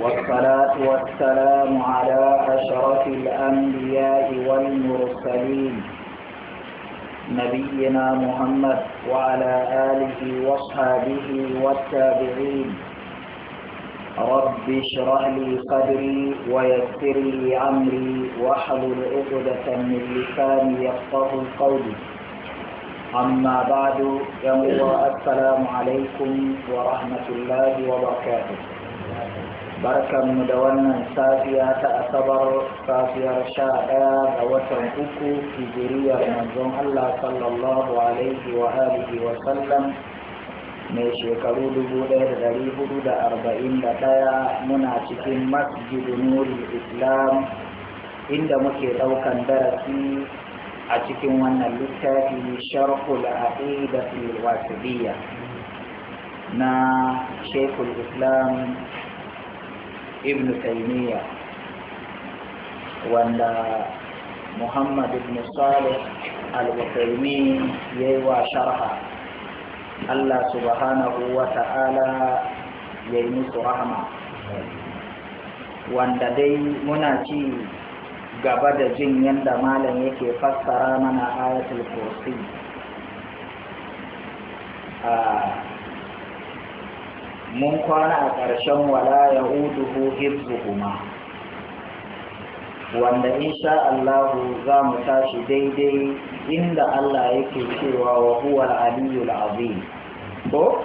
والصلاة والسلام على أشرف الأنبياء والمرسلين نبينا محمد وعلى آله وصحبه والتابعين رب اشرح لي صدري ويسر لي أمري واحلل عقدة من لساني يفقه قولي أما بعد يا السلام عليكم ورحمة الله وبركاته barkan mu da wannan safiya ta asabar safiyar sha ɗaya ga watan uku hijiriyar manzon Allah sallallahu alaihi wa alihi wa sallam mai shekaru dubu ɗaya muna cikin masjid nuri islam inda muke ɗaukan darasi a cikin wannan littafi sharhul aqidatul wasidiyya na shekul islam ibn taimiya wanda muhammad ibn salih al-uthaymi yayi wa sharha Allah subhanahu wa ta'ala ya yi musu rahama wanda dai muna ci gaba da jin yadda malam yake fassara mana ayatul kursi ah, mun kwana a ƙarshen wala ya hudu kuma. wanda insha Allahu za mu tashi daidai inda Allah yake cewa wa huwa al azim ko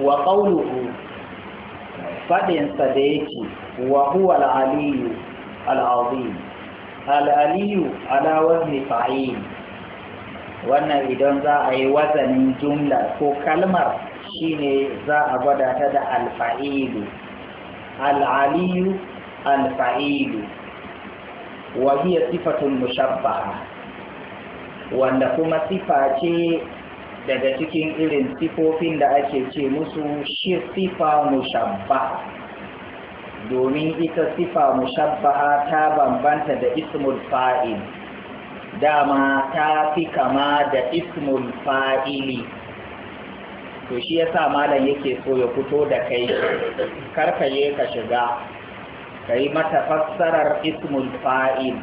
wa qawluhu fadin sa da yake wa huwa al-aliyyu al-azim al aliyu ala wazni fa'il wannan idan za a yi wazanin jumla ko kalmar shine za a gwada ta da alfa'ilu al'aliyu alfa'ilu wa sifatun mushabbaha wanda kuma sifa ce daga cikin irin sifofin da ake ce musu shi sifa mushabba domin ita sifa mushabbaha ta bambanta da ismul fa'il dama ta fi kama da ismul fa'ili to shi yasa malam yake so ya fito da kai kar ka shiga kai mata fassarar ismul fa'il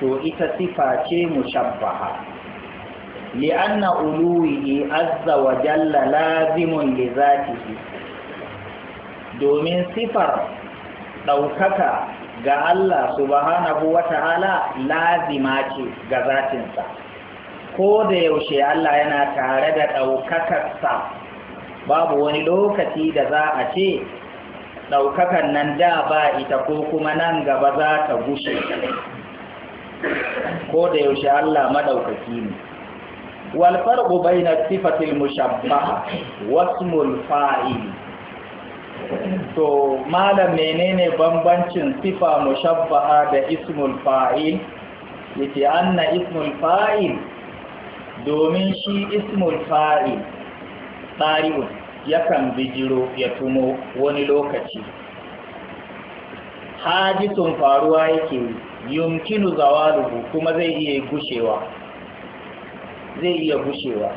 to ita sifa ce mushabbaha لأن ألوه عز وجل لازم لذاته domin sifar ɗaukaka ga Allah subhanahu wa ta'ala lazima ce ga zatinsa. ko da yaushe Allah yana tare da ɗaukakarsa babu wani lokaci da za a ce ɗaukakan nan da ba ita ko kuma nan gaba za ta gushe ko da yaushe Allah maɗaukaki ne wal farqu bayna sifatil mushabbaha wasmul fa'il to malam menene bambancin sifa mushabbaha da ismul fa'il yace anna ismul fa'il domin shi ismul fa'il ɗari'un yakan bijiro ya tumo wani lokaci hadisun faruwa yake yumkinu zawaluhu kuma zai iya gushewa zai iya gushewa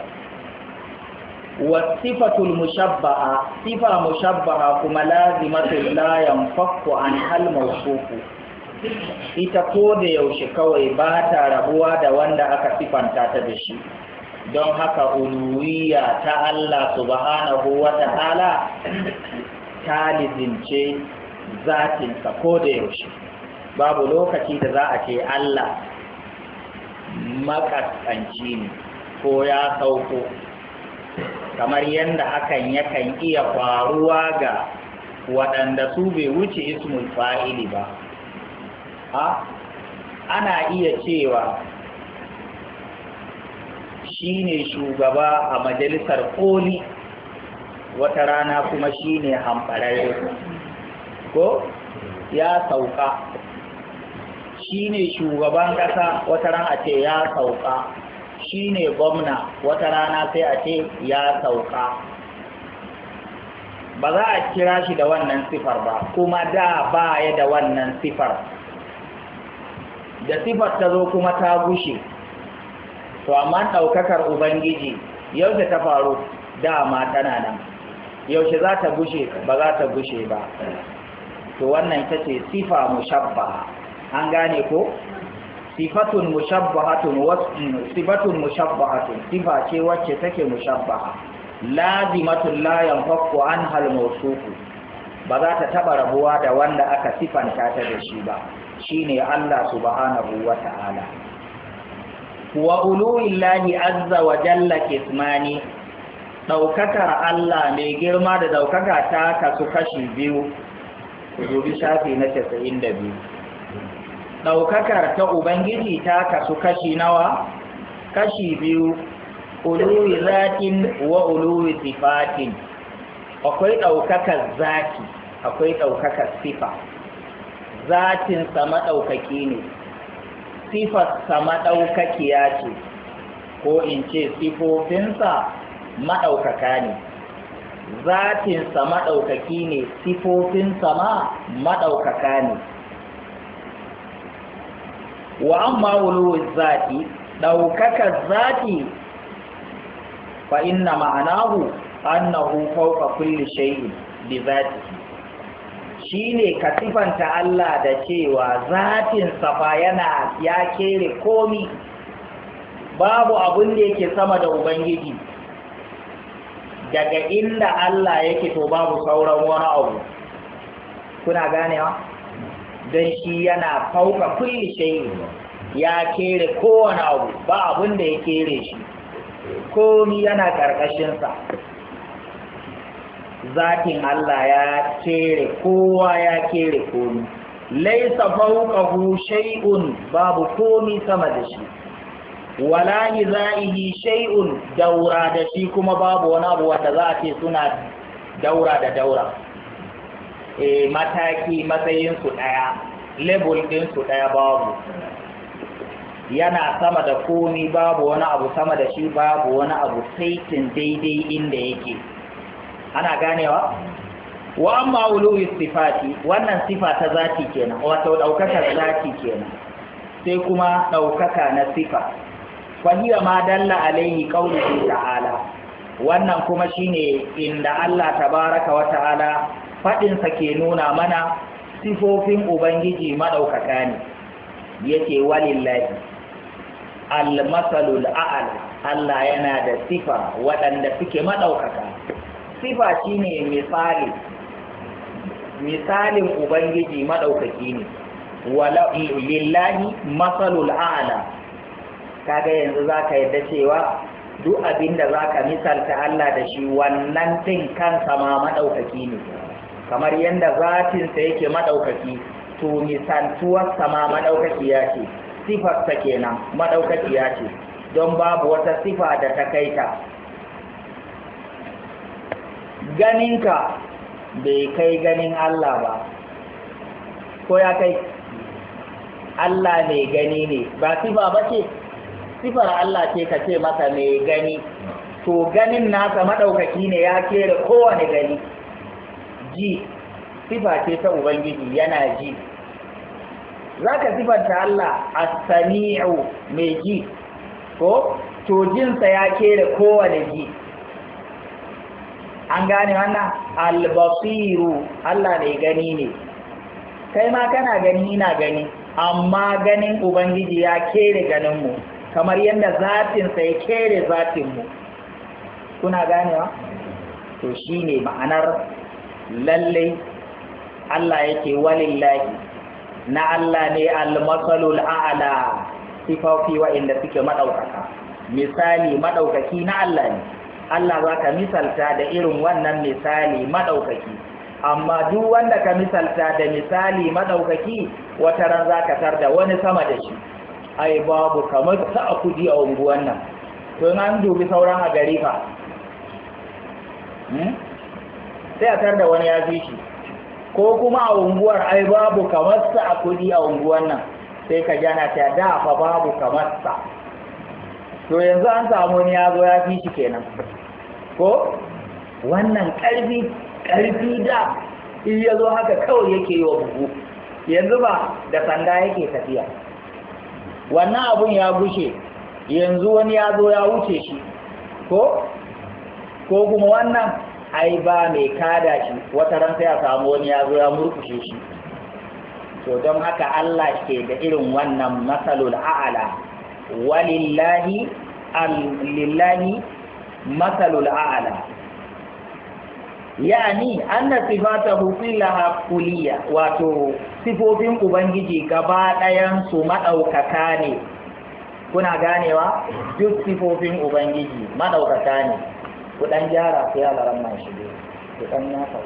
wasifatul mushabbaha sifa mushabbaha kuma lazimatul layan fakku an hal mawsufu ita ko da yaushe kawai ba ta rabuwa da wanda aka sifanta ta da shi don haka uluwiya ta Allah subhanahu wa ta'ala ta lizince zatinsa ko da yaushe babu lokaci da za a ce Allah makaskanci ne ko ya sauko kamar yadda hakan yakan iya faruwa ga waɗanda su bai wuce ismul fa'ili ba a ana iya cewa shi ne shugaba a majalisar koli wata rana kuma shi ne hambararre ko ya sauka shi ne shugaban ƙasa wata rana a ce ya sauka shi ne gwamna wata rana sai a ce ya sauka ba za a kira shi da wannan sifar ba kuma da baya da wannan sifar da sifar ta zo kuma ta gushe to amma ɗaukakar ubangiji yaushe ta faru dama tana nan yaushe za ta gushe ba za ta gushe ba to wannan ita ce sifa mushabba an gane ko sifatun mushabbahatun sifatun mushabbahatun sifa ce wacce take mushabba lazimatun la yanfaqu anha al ba za ta taba rabuwa da wanda aka sifanta ta da shi ba shine Allah subhanahu wa ta'ala wa uluwillahi azza wa jalla kismani daukakar Allah mai girma da daukaka ta kasu kashi biyu ku dubi shafi na 92 daukakar ta ubangiji ta kasu kashi nawa kashi biyu uluwi zatin wa uluwi sifatin akwai daukakar zati akwai daukakar sifa zatinsa maɗaukaki ne sifarsa maɗaukakiya ce ko in ce sifofinsa maɗaukaka ne zatinsa maɗaukaki ne sifofinsa ma maɗaukaka ne wa amma wuluwar zati ɗaukakar zati fa inna ma'anahu annahu fawqa kulli shay'in bi zatihi shine ka sifanta Allah da cewa zatin safa yana ya kere komi babu abin da yake sama da ubangiji daga inda Allah yake to babu sauran wani abu kuna ganewa don shi yana fauka kulli shayi ya kere kowane abu ba abin da ya kere shi komi yana ƙarƙashinsa zatin Allah ya kere kowa ya kere komi laisa fawqahu shay'un babu komi sama da shi wala hizaihi shay'un daura da shi kuma babu wani abu wanda za a ce suna daura da daura Eh mataki matsayin su daya level din su daya babu yana sama da komi babu wani abu sama da shi babu wani abu saitin daidai inda yake ana ganewa wa amma ulu sifati wannan sifa ta zati kenan wato daukaka zati kenan sai kuma daukaka na sifa fa hiya ma dalla alaihi qawluhu ta'ala wannan kuma shine inda Allah tabaraka wa ta'ala fadin sa ke nuna mana sifofin ubangiji madaukaka ne yake walillahi al-masalul a'la Allah yana da sifa waɗanda suke madaukaka sifa shine misali misalin ubangiji madaukaki ne wala lillahi masalul a'la kaga yanzu zaka yadda cewa duk abinda da zaka misalta Allah da shi wannan din kansa ma madaukaki ne kamar yanda zatin sa yake madaukaki to misaltuwar sama madaukaki ce sifar ta kenan madaukaki ce don babu wata sifa da ta kaita ganinka bai kai ganin Allah ba ko ya kai Allah mai gani ne ba sifa ba ce sifar Allah ce ka ce masa mai gani to ganin nasa maɗaukaki ne ya kera kowane gani ji sifa ce ta Ubangiji yana ji za ka sifanta Allah a samiu mai ji ko to jinsa ya kera kowane ji an gane wannan albasiru Allah ne gani ne kai ma kana gani ina gani amma ganin ubangiji ya kere ganinmu kamar yadda zatinsa ya kere zatinmu kuna ganewa to shine ma'anar lallai Allah yake walillahi na Allah ne almasalul a'la sifofi inda suke madaukaka misali madaukaki na Allah ne Allah za ka misalta da irin wannan misali maɗaukaki amma duk wanda ka misalta da misali maɗaukaki wata ran za ka tar da wani sama da shi ai babu kamar ta a kudi a unguwan nan to an dubi sauran a gari fa hmm? sai a tar da wani ya fi shi ko kuma a unguwar ai babu kamar ta a kudi a unguwan nan sai ka jana ta da fa babu kamar ta. to yanzu an samu ni ya zo ya fi shi kenan ko wannan ƙarfi ƙarfi da in ya zo haka kawai yake yi wa buhu yanzu ba da sanda yake tafiya wannan abun ya gushe yanzu wani ya zo ya wuce shi ko ko kuma wannan ai ba mai kada shi wata ran sai a samu wani ya zo ya murkushe shi to don haka Allah ke da irin wannan masalul a'ala walillahi lillahi mathalul a'la yani anna sifatahu kullaha kuliya wato sifofin ubangiji gaba ɗayan su madaukaka ne kuna ganewa duk sifofin ubangiji madaukaka ne ku dan gyara ku yara man shi ku dan nasa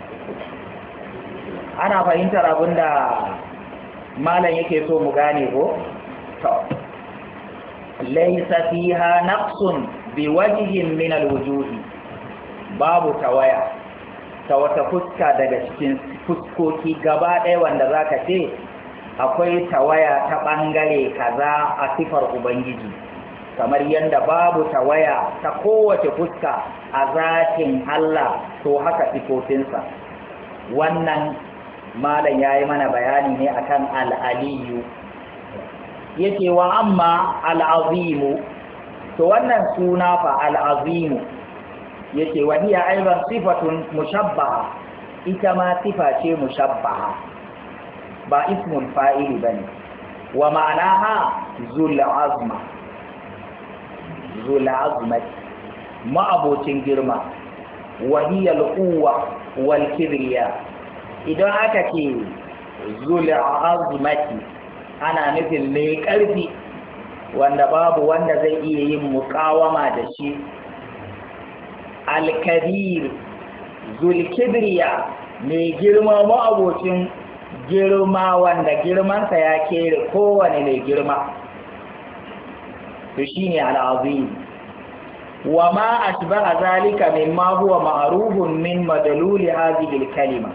ana fahimtar abinda malam yake so mu gane ko to laysa fiha naqsun bi wajihin min alwujuhi babu tawaya ta wata fuska daga cikin fuskoki gaba ɗaya wanda ka ce akwai tawaya ta ɓangare kaza a sifar ubangiji kamar yadda babu tawaya ta kowace fuska a zakin Allah to haka sifofinsa wannan malam ya yi mana bayani ne akan al'aliyu yake wa amma al'azimu to wannan suna fa al-azim yake wahiya aidan sifatun mushabbaha ita ma sifa ce mushabbaha ba ismun fa'ili bane wa ma'anaha zul azma zul azma ma abocin girma wahiya al-quwwa wal kibriya idan aka ce zul azmati ana nufin mai karfi wanda babu wanda zai iya yin mukawama da shi alkabir zulkibriya mai girma ma'abocin girma wanda girmansa ya kere kowane mai girma to shine al'azim wa ma a zalika mimma huwa ma'rufun min madaluli hadhihi al-kalima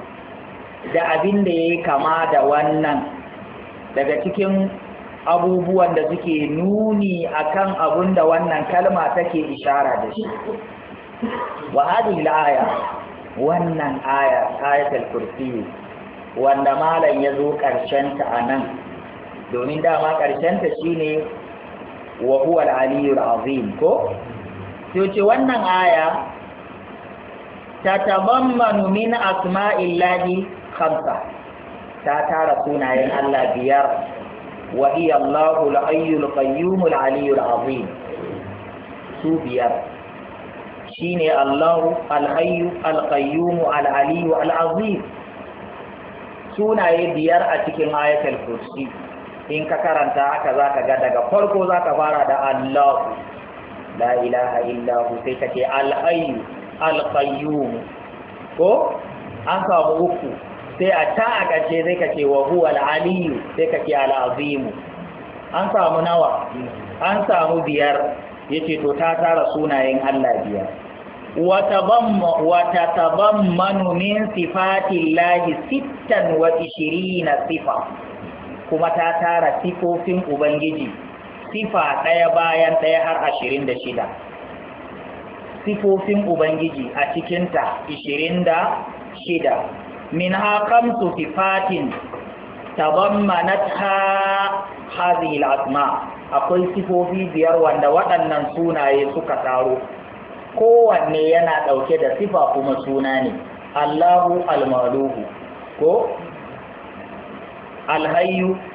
da abin da yayi kama da wannan daga cikin abubuwan da suke nuni akan abun da wannan kalma take ishara da shi wa hadhihi aya wannan aya ayatul kursi wanda malam ya zo karshen ta anan domin dama karshen ta shine wa huwa al-aliyyul azim ko sai ce wannan aya tabammanu min asma'illahi khamsa ta tara sunayen Allah biyar وهي الله الحي القيوم العلي العظيم su biyar shine Allahu alhayyu alqayyumu alaliyu alazim sunaye biyar a cikin ayatul kursi in ka karanta haka zaka ga daga farko zaka fara da Allahu la ilaha illahu sai kake alhayyu alqayyum ko an samu uku sai a ta a ƙarshe zai ka ce wa huwa al'aliyu sai ka ce al'azimu an samu nawa an samu biyar yace to ta tara sunayen Allah biyar wata tabammanu min sifatillahi sittan wa ishirina sifa kuma ta tara sifofin Ubangiji sifa ɗaya bayan ɗaya har ashirin da shida sifofin Ubangiji a cikinta ashirin da shida منها خمس صفات تضمنتها هذه الأسماء akwai sifofi biyar wanda waɗannan sunaye suka taro kowanne yana ɗauke da sifa kuma suna ne allahu almaluhu ko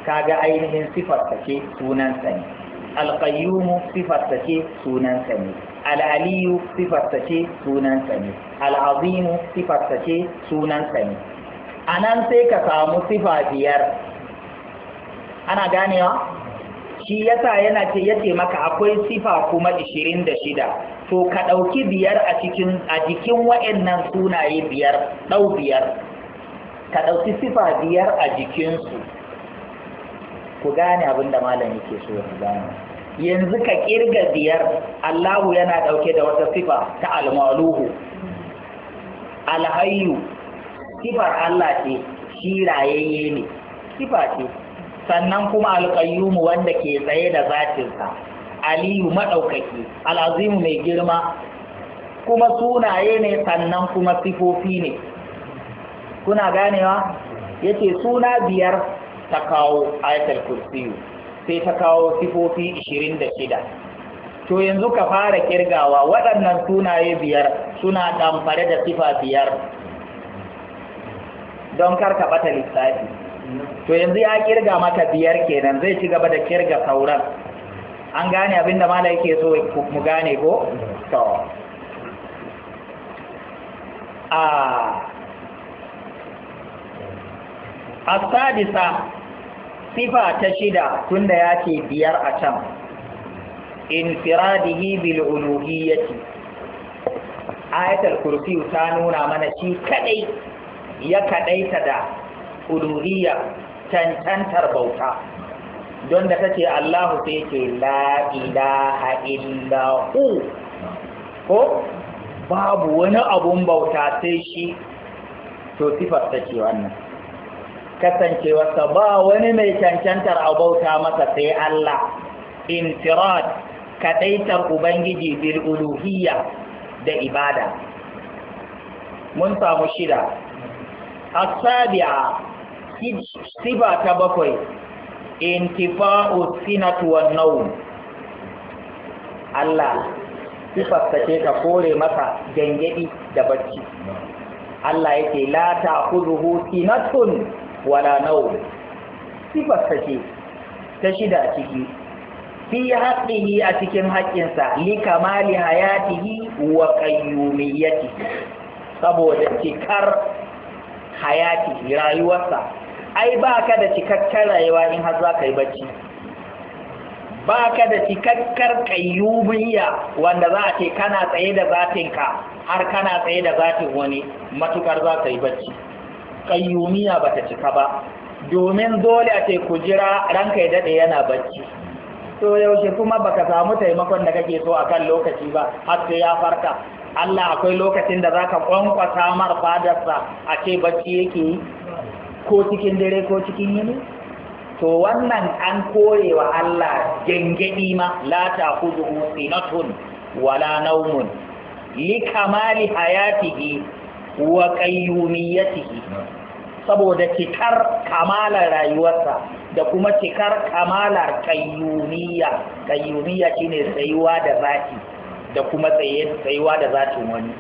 ka ga ainihin sifarsa ce sunansa ne alƙayyumu sifarsa ce sunansa ne al'aliyu sifarsa ce sunansa ne al'azimu sifarsa ce sunansa ne a nan sai ka samu sifa biyar ana ganewa shi yasa yana ce yace maka akwai sifa kuma ishirin to ka ɗauki biyar a cikin a jikin wa'annan sunaye biyar ɗau biyar ka ɗauki sifa biyar a jikinsu ku gane abin da malam yake so ya gane yanzu ka kirga biyar Allahu yana dauke da wata sifa ta almaluhu alhayyu sifar Allah ce shi rayayye ne sifa ce sannan kuma alƙayyumu wanda ke tsaye da zatinsa aliyu maɗaukaki al'azimu mai girma kuma sunaye ne sannan kuma sifofi ne kuna ganewa yace suna biyar ta kawo ayatul kursiyu sai ta kawo sifofi ishirin da shida to yanzu ka fara kirgawa waɗannan sunaye biyar suna ɗamfare da sifa biyar don kar ka ɓata lissafi to yanzu ya kirga maka biyar kenan zai ci gaba da kirga sauran an gane abinda da mala yake so mu gane ko to a ah. asadisa sifa ta shida tunda ya ce biyar a can infiradihi bil uluhiyyati ayatul kursi ta nuna mana shi kadai ya kadaita da uluhiyya tantantar bauta don da tace Allahu sai ce la ilaha illa hu ko babu wani abun bauta sai shi to sifar ta ce wannan sa, ba wani mai cancantar a bauta masa sai Allah intirad kadaitar ubangiji bil uluhiyya da ibada mun samu shida asabi'a siba ta bakwai intifa'u sinatu wan nawm Allah sifarsa ce ka kore masa gangadi da bacci Allah yake la ta sinatun wala nau sifarsa ce ta shida a ciki fi haƙƙihi a cikin haƙƙinsa li kamali hayatihi wa qayyumiyyati saboda cikar hayati rayuwarsa ai ba ka da cikakkar rayuwa in har za ka yi bacci ba ka da cikakkar kayyumiyya wanda za a ce kana tsaye da zatinka har kana tsaye da zatin wani matukar za ka yi bacci ƙayyumiya ba ta cika ba domin dole a ce ku jira ranka ya daɗe yana bacci to yaushe kuma baka samu taimakon da kake so akan lokaci ba har sai ya farka Allah akwai lokacin da zaka kwankwasa mar fadarsa a ce bacci yake yi ko cikin dare ko cikin yini to wannan an korewa Allah gengedi ma la ta'khudhu sinatun wala nawmun li kamali hayatihi wa qayyumiyyatihi saboda cikar kamalar rayuwarsa da kuma cikar kamalar kayyumiyya kayyumiyya shine tsayuwa da zati da kuma tsayuwa da zatin wani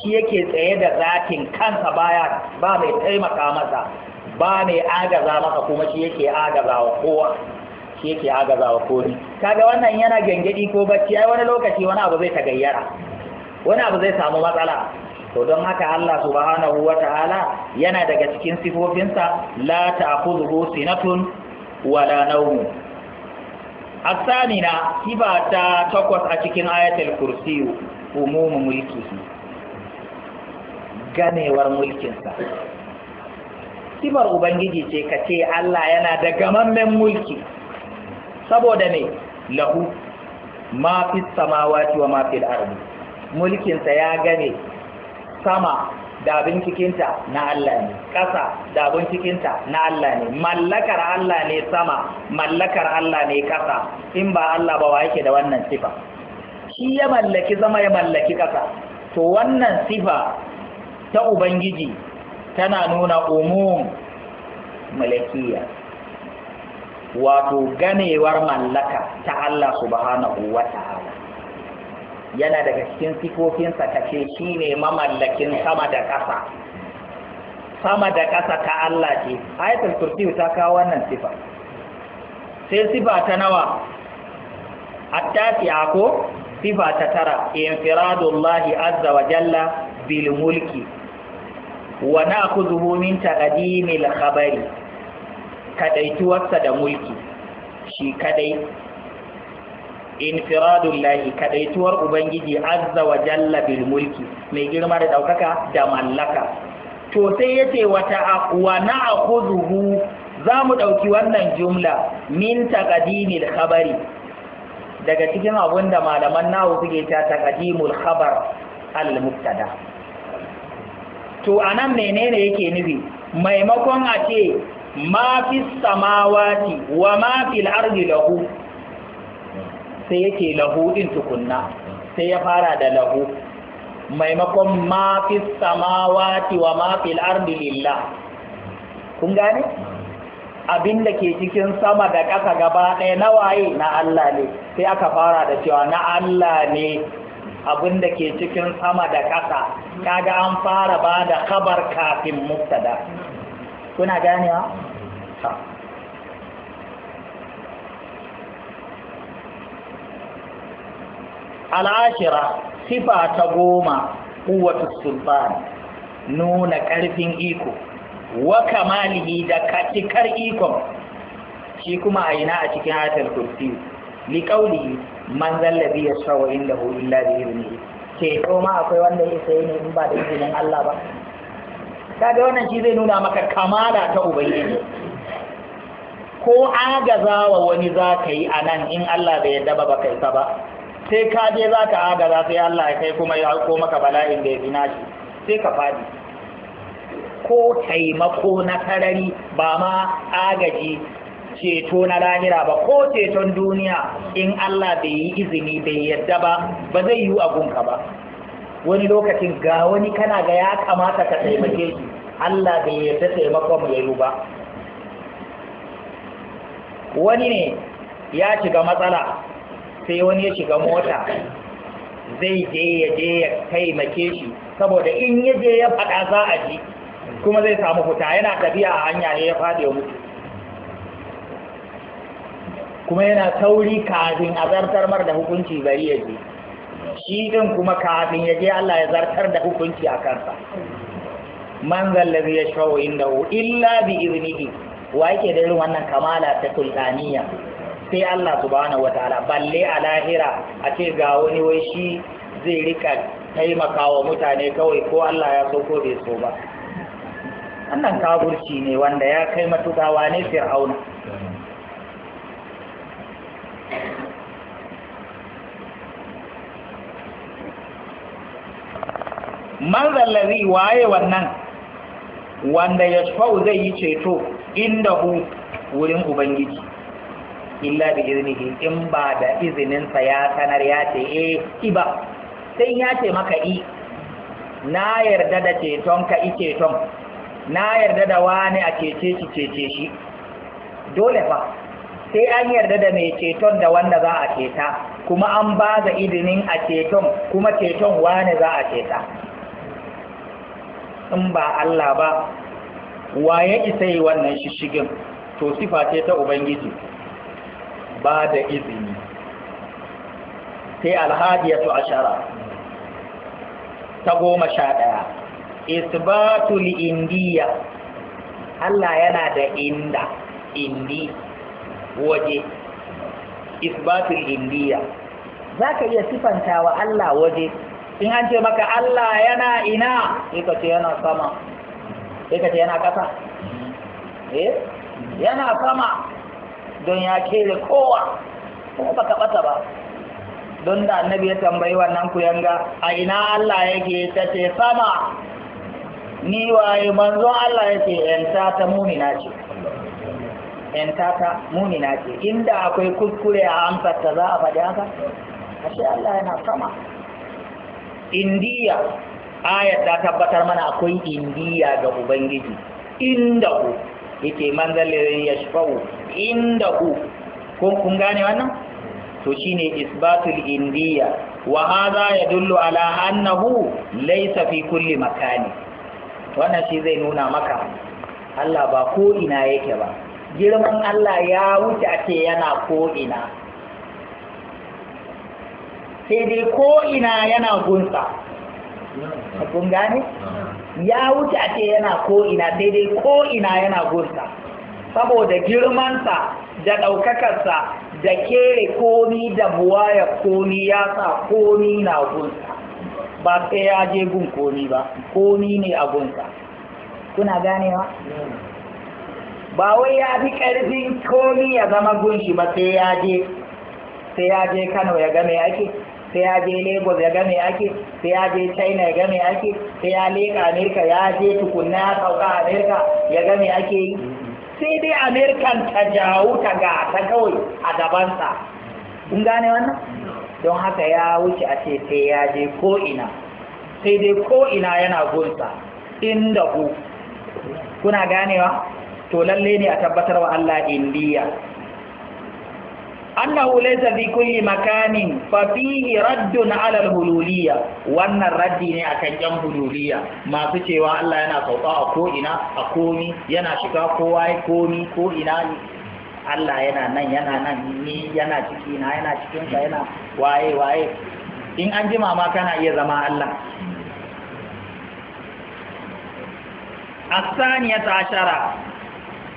shi yake tsaye da zatin kansa baya ba mai taimaka masa ba mai agaza masa kuma shi yake agaza wa kowa shi yake agaza wa kori kaga wannan yana gangadi ko bacci ai wani lokaci wani abu zai ta gayyara, wani abu zai samu matsala to don haka Allah subhanahu wa ta'ala yana daga cikin sifofinsa la ta'khudhuhu sinatun wala nawm asanina kiba ta takwas a cikin ayatul kursi umumu mulkihi ganewar mulkinsa sifar ubangiji ce ka ce Allah yana da gamammen mulki saboda ne lahu ma fi samawati wa ma fil ardi sa ya gane sama da bincikinta na Allah ne ƙasa da bincikinta na Allah ne mallakar Allah ne sama mallakar Allah ne ƙasa in ba Allah ba wa yake da wannan sifa shi ya mallaki zama ya mallaki ƙasa to wannan sifa ta ubangiji tana nuna umum malakiya wato ganewar mallaka ta Allah subhanahu wa ta'ala yana daga cikin sifofinsa ka ce shi mamallakin sama da ƙasa sama da ƙasa ta Allah ce ayatul kursi ta kawo wannan sifa sai sifa ta nawa attasi'a ko sifa ta tara infiradullahi azza wa jalla bil mulki wa na'khudhu min taqdimil khabari kadaituwarsa da mulki shi kadai Infiradullahi lahi kadaituwar ubangiji azza wa jalla mulki mai girma da ɗaukaka da mallaka to sai yace wata wa na'khudhu za mu ɗauki wannan jumla min taqdimil khabari daga cikin abun da malaman nawo suke ta takadimul khabar al mubtada to anan menene yake nufi maimakon a ce ma fi samawati wa ma fil ardi lahu sai yake lahu din tukunna sai ya fara da lahu maimakon ma fi samawati wa ma fil ardi lillah kun gane abin da ke cikin sama da ƙasa gaba ɗaya na waye na Allah ne sai aka fara da cewa na Allah ne abin da ke cikin sama da ƙasa kaga an fara ba da kabar kafin mubtada kuna gane ganewa? al'ashira sifa ta goma kuwatu sultan nuna ƙarfin iko wa kamalihi da katikar ikon shi kuma a ina a cikin hatar kursi li qawlihi man zallabi yashawa indahu illa bi iznihi ke ma akwai wanda ya sai ne in ba da izinin Allah ba kaga wannan shi zai nuna maka kamala ta ubangiji ko agazawa wani za ka yi a nan in Allah bai yadda ba baka isa ba sai ka je za ka agaza sai Allah ya kai kuma ya ko maka bala'in da ya zina shi, sai ka fadi ko taimako na sarari ba ma agaji ceto na lahira ba ko ceton duniya in Allah bai yi izini bai yadda ba ba zai yi abunka ba wani lokacin ga wani kana ga ya kamata ka taimake shi Allah bai yarda taimakon ya yi ba wani ne ya shiga matsala sai wani ya shiga mota zai je ya je ya taimake shi saboda in ya je ya faɗa za a ji kuma zai samu fita yana tafiya a hanya ne ya faɗi ya mutu kuma yana sauri kafin a zartar mar da hukunci bari ya je shi din kuma kafin ya je Allah ya zartar da hukunci a kansa man zallazi ya shawo inda illa bi iznihi wa yake da irin wannan kamala ta sultaniya sai Allah subhanahu ta'ala, balle a lahira a ce ga wani wai shi zai rika wa mutane kawai ko Allah ya so ko bai so ba wannan kaburci ne wanda ya kai matuƙa wane fir'auna man zallazi waye wannan wanda ya zai yi ceto inda hu wurin ubangiji illa bi iznihi in ba da izinin sa ya sanar ya ce eh ki ba sai ya ce maka i na yarda da ceton ka i ceton na yarda da wani a cece shi cece shi dole fa sai an yarda da mai ceton da wanda za a ceta kuma an ba da izinin a ceton kuma ceton wani za a ceta in ba Allah ba wa ya isa yi wannan shishigin to sifa ce ta Ubangiji ba da izini sai alhadiyatu ashara ta goma sha ɗaya isbatul indiya Allah yana da inda indi waje isbatul indiya za ka iya sifanta wa Allah waje in an ce maka Allah yana ina sai ka ce yana sama sai ka ce yana ƙasa eh yana sama don ya kere kowa kuma baka bata ba don da annabi ya tambayi wannan kuyanga a ina Allah yake ta ce sama ni waye manzo Allah yake yanta ta mumina ce yanta ta mumina ce inda akwai kuskure a amsar ta za a faɗi haka ashe Allah yana sama indiya ayat ta tabbatar mana akwai indiya ga ubangiji inda ku yake man ya yashfa'u inda kun kun gane wannan to shine isbatul indiya wa hadha yadullu ala annahu laysa fi kulli makani wannan shi zai nuna maka Allah ba ko ina yake ba girman Allah ya wuce ake yana ko ina sai dai ko ina yana gunsa kun gane ya wuce a ce yana ko'ina sai dai ko'ina yana gunsa saboda girmansa da ɗaukakarsa da kere komi da buwaya komi ya sa komi na gunsa ba sai ya je gun komi ba komi ne a gunsa kuna ganewa ba wai ya fi ƙarfin komi ya zama gunshi ba sai ya je sai ya je kano ya game ake sai ya je lagos ya game ake sai ya je china ya game ake sai ya leka amerika ya je tukunna ya sauka amerika ya game ake yi sai dai amerikan ta jawo ta ga ta kawai a gabansa kun gane wannan don haka ya wuce a ce sai ya je ko sai dai ko'ina ina yana gunsa inda ku kuna ganewa to lalle ne a tabbatar wa Allah indiya annahu laysa fi kulli makanin fa fihi raddun ala al-hululiyya wannan raddi ne akan yan hululiyya masu cewa Allah yana sauka a ko ina a komi yana shiga kowa ya komi ko ina Allah yana nan yana nan ni yana ciki na yana cikin sa yana waye waye in an jima ma kana iya zama Allah الثانية عشرة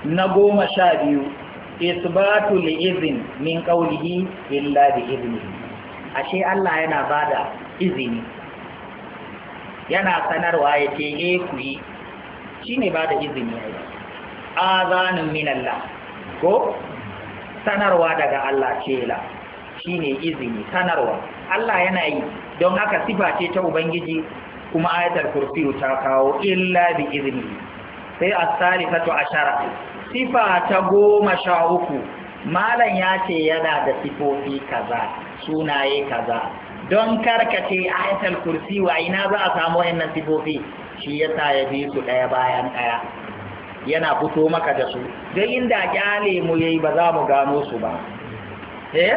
na goma sha biyu isbatu izin min qawlihi illa bi iznihi ashe Allah yana bada izini yana sanarwa ya e eh, ku yi shine bada izini ai azanun min Allah ko sanarwa daga Allah ce la shine izini sanarwa Allah yana yi don haka sifa ce ta ubangiji kuma ayatul kursiyu ta kawo illa bi izini sai as-salifatu asharatu sifa ta goma sha uku malam ya ce yana da sifofi kaza sunaye kaza don karkace ayatul kursi wa ina za a samu wayannan sifofi shi yasa ya bi su ɗaya bayan ɗaya yana fito maka da su don inda kyale mu yayi ba za mu gano su ba eh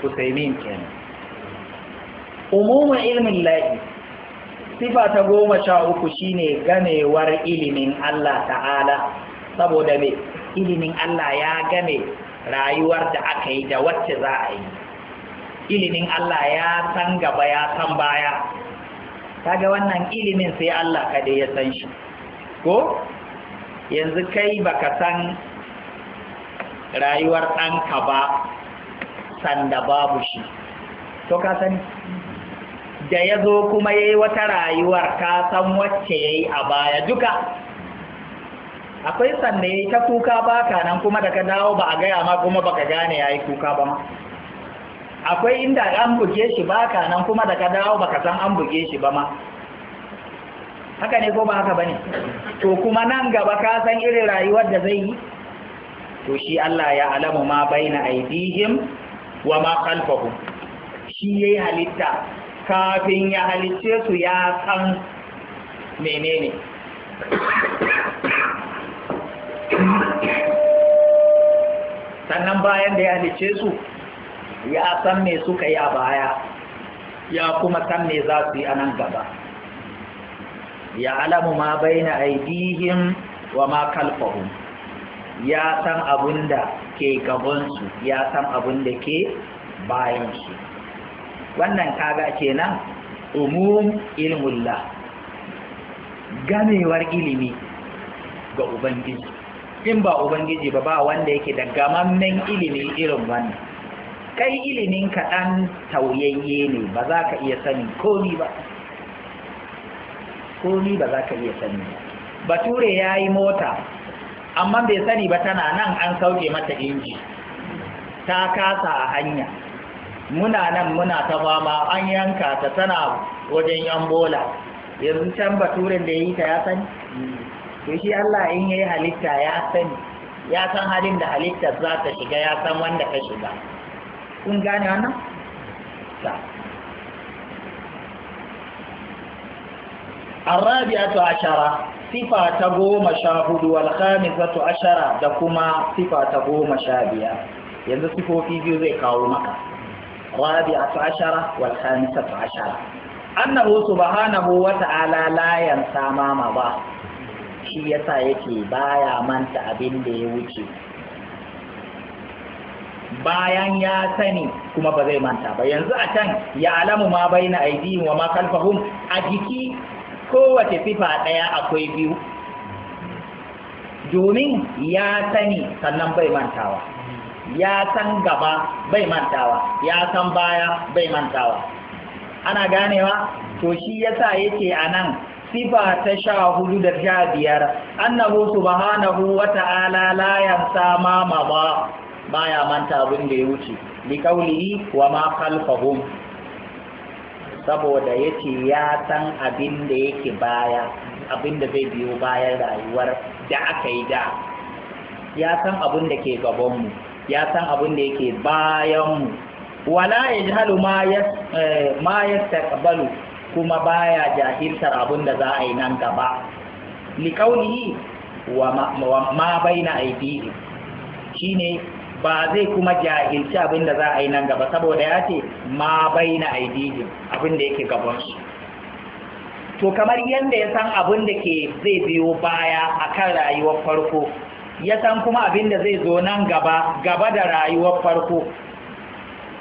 ku sai min kenan umumul ilmin lahi sifa ta goma sha uku shine ganewar ilimin Allah ta'ala saboda me ilimin Allah ya game rayuwar da aka yi da wacce za a yi ilimin Allah ya san gaba ya san baya kaga wannan ilimin sai Allah kaɗai ya san shi ko yanzu kai baka san rayuwar ɗanka ba sanda babu shi to ka sani da ya zo kuma ya yi wata rayuwar ka san wacce ya yi a baya duka akwai sanne ya ta kuka baka nan kuma da ka dawo ba a gaya ma kuma baka gane ya yi kuka ba ma akwai inda an buge shi baka nan kuma da ka dawo baka san an buge shi ba ma haka ne ko ba haka bane to kuma nan gaba ka san irin rayuwar da zai yi to shi Allah ya alamu ma baina aidihim wa ma khalfahum shi yayi halitta kafin ya halicce su ya san menene sannan bayan da ya halice su ya san me suka yi a baya ya kuma san me za su yi a nan gaba ya alamu ma bai na aidihin wa ma kalfahum ya san abin da ke gabansu ya san abin da ke bayansu wannan kaga kenan umum ilmullah gamewar ilimi ga ubangiji in ba ubangiji ba ba wanda yake da gamammen ilimi irin wannan kai ilimin kaɗan tauyayye ne ba za ka iya sani komi ba komi ba za ka iya sani ba bature ya yi mota amma bai sani ba tana nan an sauke mata inji ta kasa a hanya muna nan muna ta fama an yanka ta tana wajen yan bola yanzu can baturen da ya yi ta ya sani to shi Allah in yayi halitta ya sani ya san halin da halitta za ta shiga ya san wanda ka shiga kun gane wannan ashara sifa ta goma sha الرابعة عشرة صفة ashara da kuma sifa ta goma sha شابية yanzu sifofi biyu zai kawo maka rabi'atu ashara wal khamisatu ashara annahu subhanahu wa ta'ala la yansa ma ba shi yasa yake baya manta abin da ya wuce bayan ya sani kuma ba zai manta ba yanzu a can ya alamu ma bai na aidihim wa ma kalfahum a jiki kowace fifa ɗaya akwai biyu domin ya sani sannan bai mantawa ya san gaba bai mantawa ya san baya bai mantawa ana ganewa to shi yasa yake a nan sifa ta sha hudu da sha biyar annahu subhanahu wa ta'ala la yansa ma mama baya manta abin da ya wuce bi qawlihi wa ma khalfahum saboda yace ya san abin da yake baya abin da zai biyo bayan rayuwar da aka yi da ya san abin da ke gaban ya san abin da yake bayan mu wala yajhalu ma yas eh, ma yastaqbalu kuma baya jahiltar abin da za a yi nan gaba liƙaunihi wa ma bai na shi shine ba zai kuma jahilci abin da za a yi nan gaba saboda ya ce ma bai na aidihim abin da yake gabansu to kamar yadda ya san abin da ke zai biyo baya a kan rayuwar farko ya san kuma abin da zai zo nan gaba gaba da rayuwar farko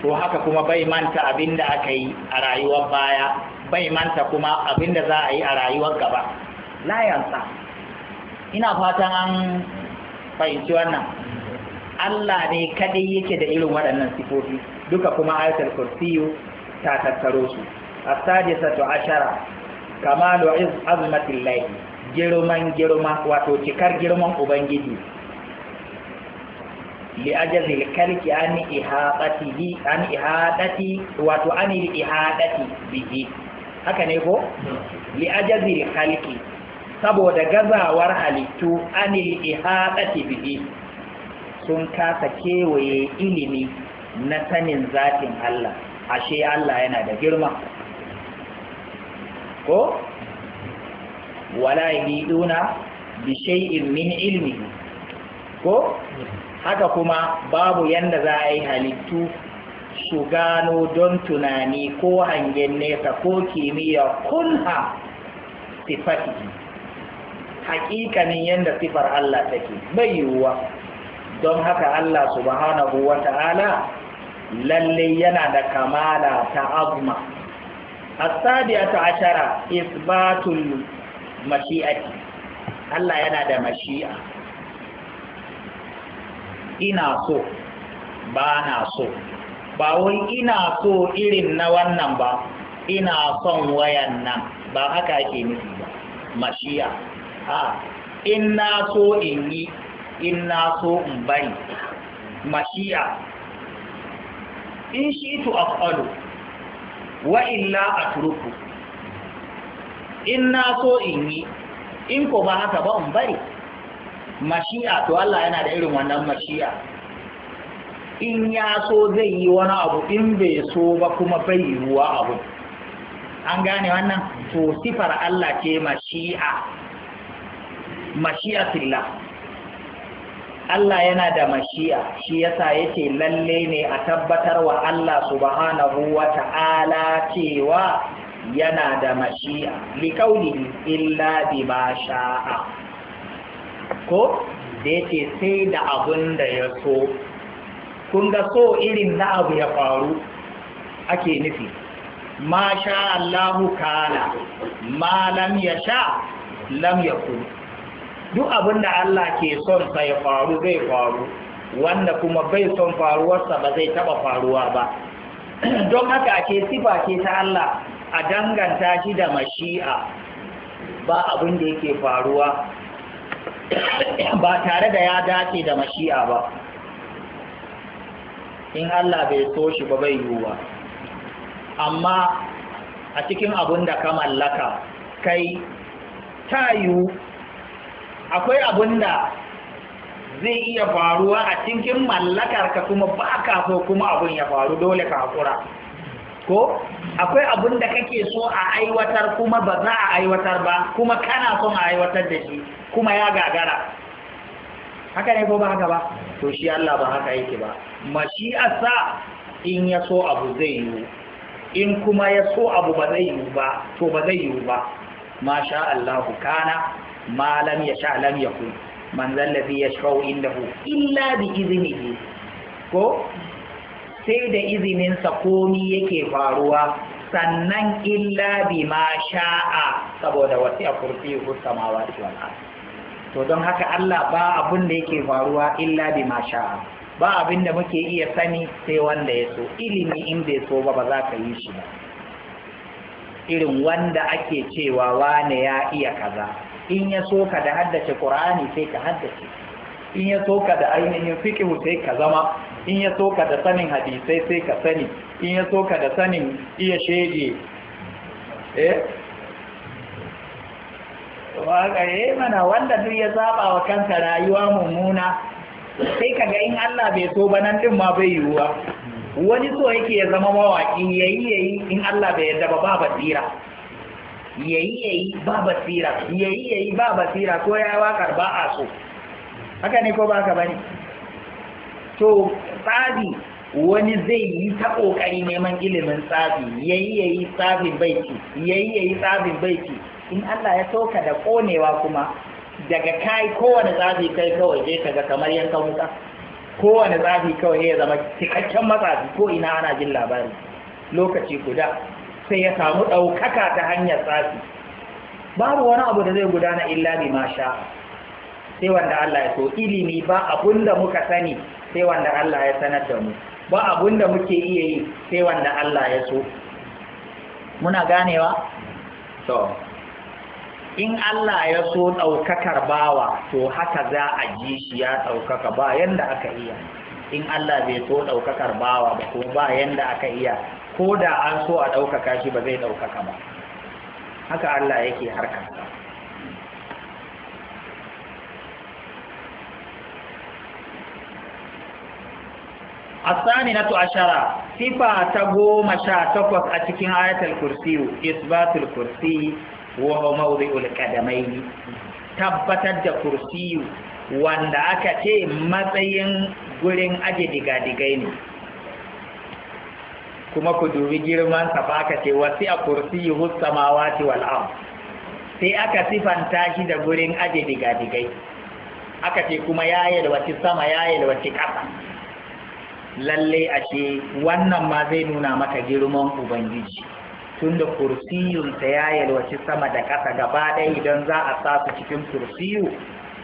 to haka kuma bai manta abin da aka yi a rayuwar baya bai manta kuma abin da za a yi a rayuwar gaba layansa ina fatan an fahimci wannan Allah ne kadai yake da irin waɗannan sifofi duka kuma ayatul kursiyu ta tattaro su as to ashara kamalu azmatil lahi girman girma wato cikar girman ubangiji li ajazil kalki an ihadati an ihadati wato an ihadati bihi haka ne ko li ajazil khalqi saboda gazawar halittu anil ihadati bihi sun kasa kewaye ilimi na sanin zatin Allah ashe Allah yana da girma ko wala yiduna bi shay'in min ilmihi ko haka kuma babu yanda za a yi halittu su gano don tunani ko hangen nesa ko kimiyya kunha sifati hakikanin yadda sifar Allah take bai yiwuwa don haka Allah subhanahu wa ta'ala lalle yana da kamala ta azma as-sadiyatu ashara isbatul mashi'ati Allah yana da mashi'a ina so ba na so ba wai ina so irin na wannan ba ina son wayan nan ba haka ake nufi ba mashiya a in na so in yi in na so in bari mashiya in shi to af'alu wa illa atruku in na so in yi in ko ba haka ba in bari mashi'a to Allah yana da irin wannan mashi'a in ya so zai yi wani abu in bai so ba kuma bai yiwuwa abu an gane wannan to sifar Allah ce mashi'a mashi'a filla, Allah yana da mashi'a shi yasa yake lalle ne a tabbatar wa Allah subhanahu wa ta'ala cewa yana da mashi'a liƙaunihi illa ma sha'a ko da yake sai da abun da ya so kun ga so irin na abu ya faru ake nufi ma sha Allahu kana ma lam ya sha lam ya kun duk abin da Allah ke son sa ya faru zai faru wanda kuma bai son faruwarsa ba zai taba faruwa ba don haka ake sifa ce ta Allah a danganta shi da mashi'a ba abin da yake faruwa ba tare da ya dace da mashi'a ba in Allah bai so shi ba bai yiwuwa amma a cikin abun da ka mallaka kai ta yiwu akwai abun da zai iya faruwa a cikin mallakar ka kuma ba ka so kuma abun ya faru dole ka hakura ko akwai abun da kake so a aiwatar kuma ba za a aiwatar ba kuma kana son a aiwatar da shi kuma ya gagara haka ne ko ba haka ba to shi Allah ba haka yake ba sa in ya so abu zai yi in kuma ya so abu ba zai yi ba to ba zai yi ba ma sha Allah kana ma lam ya sha lam yakun man ladhi yashfa'u indahu illa bi iznihi ko sai da sa komi yake faruwa sannan illa bi ma sha'a saboda wasi a kurfi samawa wal to don haka Allah ba abun da yake faruwa illa bi ma sha'a ba abin da muke iya sani sai wanda ya so ilimi in bai so ba ba za ka yi shi ba irin wanda ake cewa wane ya iya kaza in ya so ka da haddace qur'ani sai ka haddace in ya so ka da ainihin fiqhu sai ka zama in ya so ka da sanin hadisai sai ka sani in ya so ka da sanin iya shege eh waka eh mana wanda duk ya zaba wa kansa rayuwa mummuna sai kaga in Allah bai so ba nan din ma bai ruwa wani so yake ya zama mawaƙi yayi yayi in Allah bai yarda ba ba basira yayi yayi ba basira yayi yayi ba basira ko ya wakar ba a so haka ne ko ba haka bane to tsabi wani zai yi ta kokari neman ilimin tsafi yayi yayi tsafin baiti yayi yayi tsafin baiti in Allah ya soka da ƙonewa kuma daga kai kowane tsafi kai kawai je ga, kamar yanka wuta kowane tsafi kawai ya zama cikakken matsafi ko ina ana jin labari lokaci guda sai ya samu ɗaukaka ta hanyar tsafi babu wani abu da zai gudana illa bi masha sai wanda Allah ya so ilimi ba abunda muka sani sai wanda Allah ya sanar da mu ba abunda muke iya yi sai wanda Allah ya so muna ganewa to in Allah ya so ɗaukakar bawa to haka za a ji shi ya ɗaukaka ba yanda aka iya in Allah bai so ɗaukakar bawa ba ko ba yanda aka iya ko da an so a ɗaukaka shi ba zai ɗaukaka ba haka Allah yake harkarsa الثامنة عشرة صفة تقوم شاتكوك أتكين آية الكرسي إثبات الكرسي wa mawdi'ul qadamaini tabbatar da kursiyu wanda aka ce matsayin gurin aje diga-digai ne kuma ku dubi girman sa fa aka ce wasi a kursiyuhu samawati wal ard sai aka sifanta shi da gurin aje diga-digai aka ce kuma ya yalwaci sama ya yalwaci ƙasa lalle ashe wannan ma zai nuna maka girman ubangiji tunda ta ya yalwaci sama da ƙasa gaba ɗaya idan za a sa su cikin kursiyu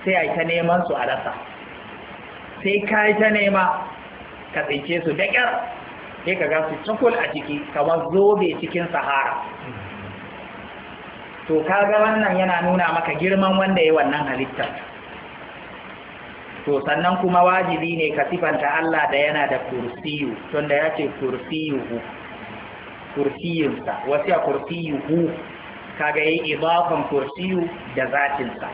sai a yi ta neman su a rasa sai ka yi ta nema ka tsinke su da ƙyar sai ka ga su cakul a ciki kamar zobe cikin sahara to kaga wannan yana nuna maka girman wanda ya wannan halitta to sannan kuma wajibi ne ka sifanta Allah da yana da kursiyu tunda ya ce ku. kursiyinsa wasu ya kursiyuhu kaga yayi idafan kursiyu da zatinsa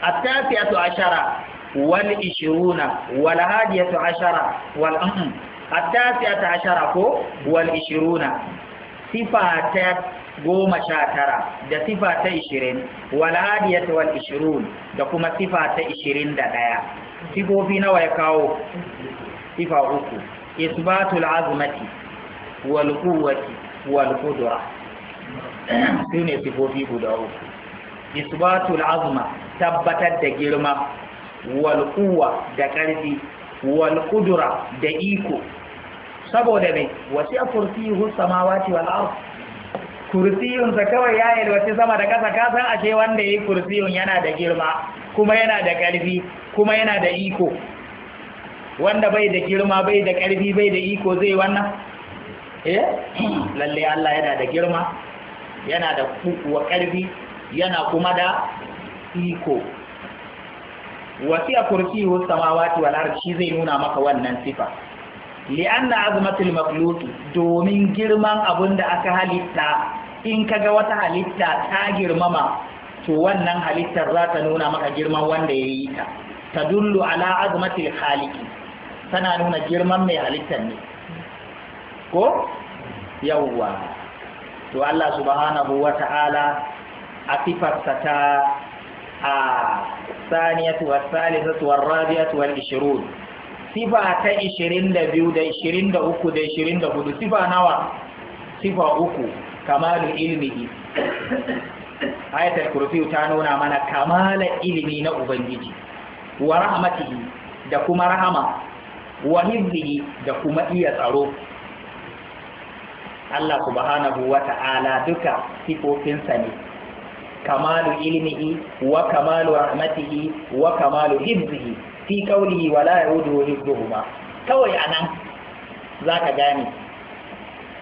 التاسعة A والعشرون والهادية ashara ko التاسعة ishiruna Sifa ta goma sha tara da sifa ta ishirin wal'adiyat wal ishirun da kuma sifa ta ishirin da ɗaya sifofi nawa ya kawo sifa uku isbatul azmati wal quwwati wal qudra sune sifofi guda uku isbatul azma tabbatar da girma Walƙuwa da ƙarfi Walƙudura da iko saboda me wasu ya kursiyu samawati wace ard kursiyun sa kawai ya yi yalwace sama da ƙasa ka san ashe wanda ya yi kursiyun yana da girma kuma yana da ƙarfi kuma yana da iko wanda bai da girma bai da ƙarfi bai da iko zai wannan eh hmm. lallai Allah yana da girma yana da kuwa ƙarfi yana kuma da iko wasiya kursiyu samawati wal arshi zai nuna maka wannan sifa li'anna azmatul makhluqi domin girman abun da aka halitta in ka ga wata halitta ta girmama to wannan halittar za ta nuna maka girman wanda ya yi ta tadullu ala azmatil khaliqi tana nuna girman mai halittar ne ko yawwa to Allah subhanahu wa ta'ala a sifarsa ta a saniyatu wa salisatu wa rabiatu wal ishirun sifa ta ishirin da biyu da ishirin da uku da ishirin da hudu sifa nawa sifa uku kamalu ilmihi ayatul kurfi ta nuna mana kamala ilimi na ubangiji wa rahmatihi da kuma rahama wa hizbihi da kuma iya tsaro Allah subhanahu wa ta'ala duka sifofinsa ne kamalu ilmihi wa kamalu rahmatihi wa kamalu hibzihi fi kaulihi wa la yauduhu hibzuhuma kawai anan ka gane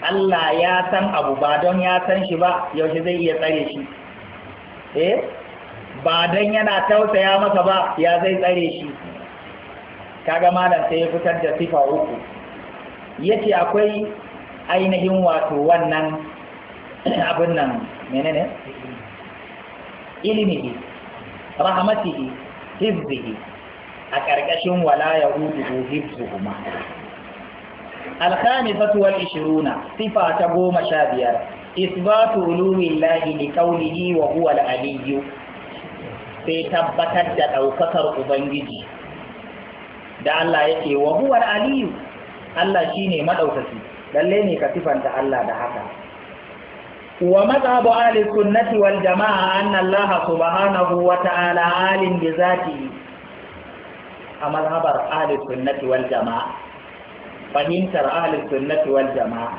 Allah ya san abu ba don ya san shi ba yaushe zai iya tsare shi eh ba don yana tausaya masa ba ya zai tsare shi kaga malam sai ya fitar da sifa uku yace akwai ainihin wato wannan abin nan menene ilimihi rahmatihi hizbihi a ƙarƙashin wala ya hudu ta sha sha biyar قوم شابير إثبات علو الله wa وهو Aliyu. sai tabbatar da ɗaukakar Ubangiji, da Allah yake wa huwar aliyu, Allah shi ne maɗaukaki, lalle ne ka sifanta Allah da haka wa mazhabu ahli sunnati wal jama'a anna Allah subhanahu wa ta'ala alim bi zatihi a mazhabar ahli sunnati wal jama'a fahimtar ahli sunnati wal jama'a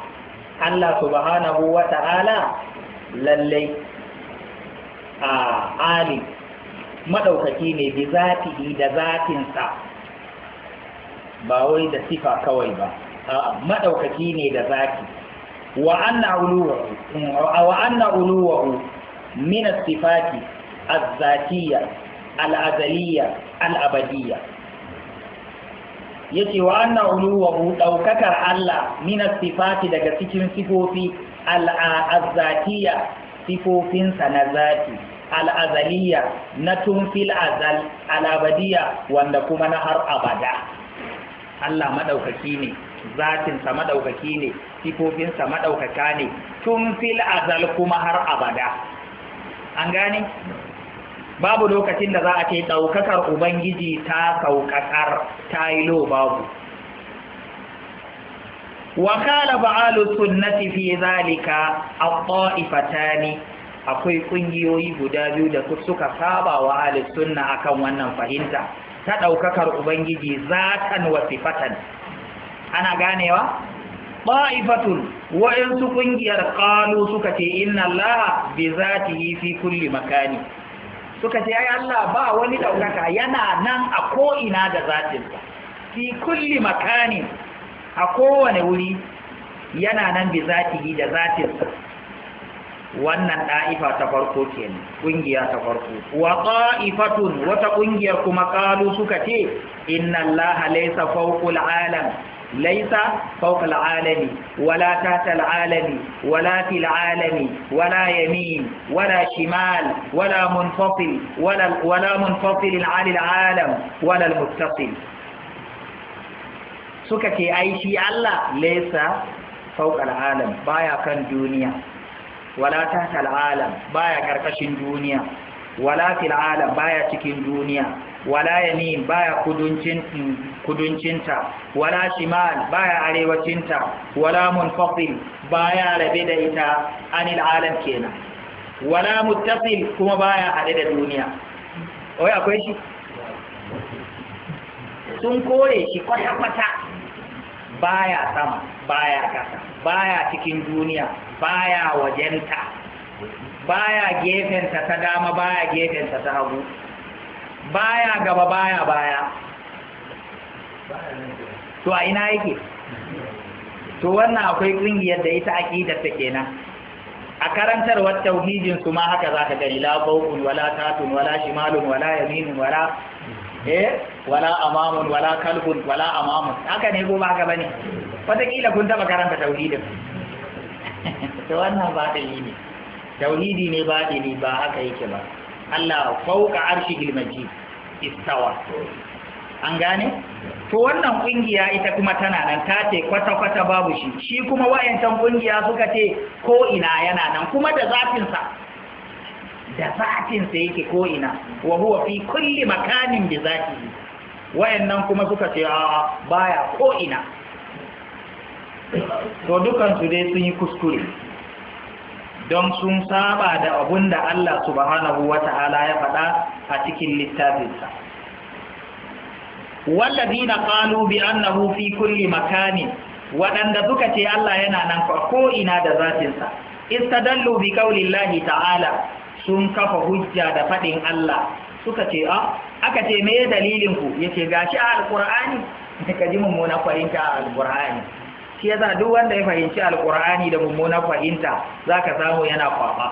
Allah subhanahu wa ta'ala lalle a alim madaukaki ne bi zatihi da zatinsa ba wai da sifa kawai ba madaukaki ne da zaki wa anna uluwahu wa anna uluwahu min sifati az al'azaliya al'abadiya yace wa anna uluwahu daukakar Allah min sifati daga cikin sifofi al sifofinsa na zati al'azaliya na tunfil azal al'abadiya wanda kuma na har abada Allah maɗaukaki ne zatinsa maɗaukaki ne sifofinsa maɗaukaka ne tun fil azal kuma har abada an gane babu lokacin da za a ce ɗaukakar ubangiji ta kaukakar ta yi babu wakala ba'alu sunnati fi zalika a ta'ifatani akwai ƙungiyoyi guda biyu da suka saba wa ahli sunna akan wannan fahimta ta ɗaukakar ubangiji zatan wa sifatan ana ganewa ba'ifatun wa'insu ƙungiyar ƙalu suka ce inna Allah bi yi fi kulli makani suka ce ai Allah ba wani ɗaukaka yana nan a ko'ina da zatinsa fi kulli makani a kowane wuri yana nan bi yi da zatinsa wannan ɗa'ifa ta farko kenan ƙungiya ta farko wa ƙa'ifatun wata ƙungiyar kuma ƙalu suka ce inna Allah laysa fawqul alam laisa fawqa al'alami wala tahta al'alami wala fil alami wala yamin wala shimal wala munfasil wala wala munfasil 'ala al'alam wala al-muttasil suka ce ai shi Allah laisa fawqa al'alam baya kan duniya wala tahta al'alam baya karkashin duniya wala fil alam baya cikin duniya wala yamin baya kuduncin mm, kuduncinta wala shimal baya arewacinta wala munfasil baya rabe da ita anil alam kenan wala muttasil kuma baya hade da duniya oi akwai shi sun kore shi kwata-kwata baya sama baya kasa baya cikin duniya baya wajenta baya gefenta ta dama baya gefenta ta hagu baya gaba baya baya to a ina yake to wannan akwai kungiyar da ita aqidar ta kenan a karantarwar tauhidin su ma haka zaka gani la bawun wala tatun wala shimalun wala yaminun wala eh wala amamun wala kalbun wala amamun haka ne ko ba haka bane wataƙila kun taba karanta tauhidin to wannan ba ta ne. tauhidi ne ba dalili ba haka yake ba Allah fauka arshihil majid istawa an gane to wannan kungiya ita kuma tana nan ta ce kwata-kwata babu shi shi kuma wa'yancan kungiya suka ce ko ina yana nan kuma da zafinsa da sa yake ko ina wa huwa fi kulli makanin bi zatihi wa'yannan kuma suka ce a baya ko ina to su dai sun yi kuskure don sun saba da abun da Allah subhanahu ta'ala ya faɗa a cikin littafinsa Wallafi ƙalu bi annahu fi kulli makani waɗanda suka ce Allah yana nan ko ina da zatinsa istadallu bi qaulillahi ta'ala sun kafa hujja da faɗin Allah suka ce a ah, aka ce me dalilinku? ku yace gashi a Al’ur'ani, ka ji mummuna a alqur'ani shi yasa duk wanda ya fahimci alqur'ani da mummunan fahimta zaka samu yana kwaba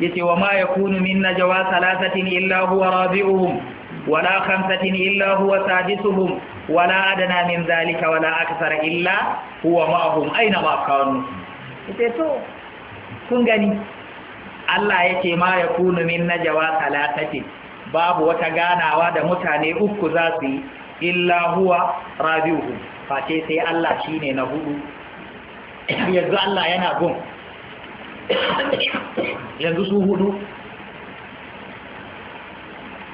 yace wa ma yakunu min najwa salasatin illa huwa rabi'uhum wala khamsatin illa huwa sadisuhum wala adana min zalika wala akthara illa huwa ma'ahum aina ma kanu yace to kun gani Allah yace ma yakunu min najwa salasatin. babu wata ganawa da mutane uku za su yi illa huwa rabi'uhum face sai Allah shi ne na hudu yanzu Allah yana gun yanzu su hudu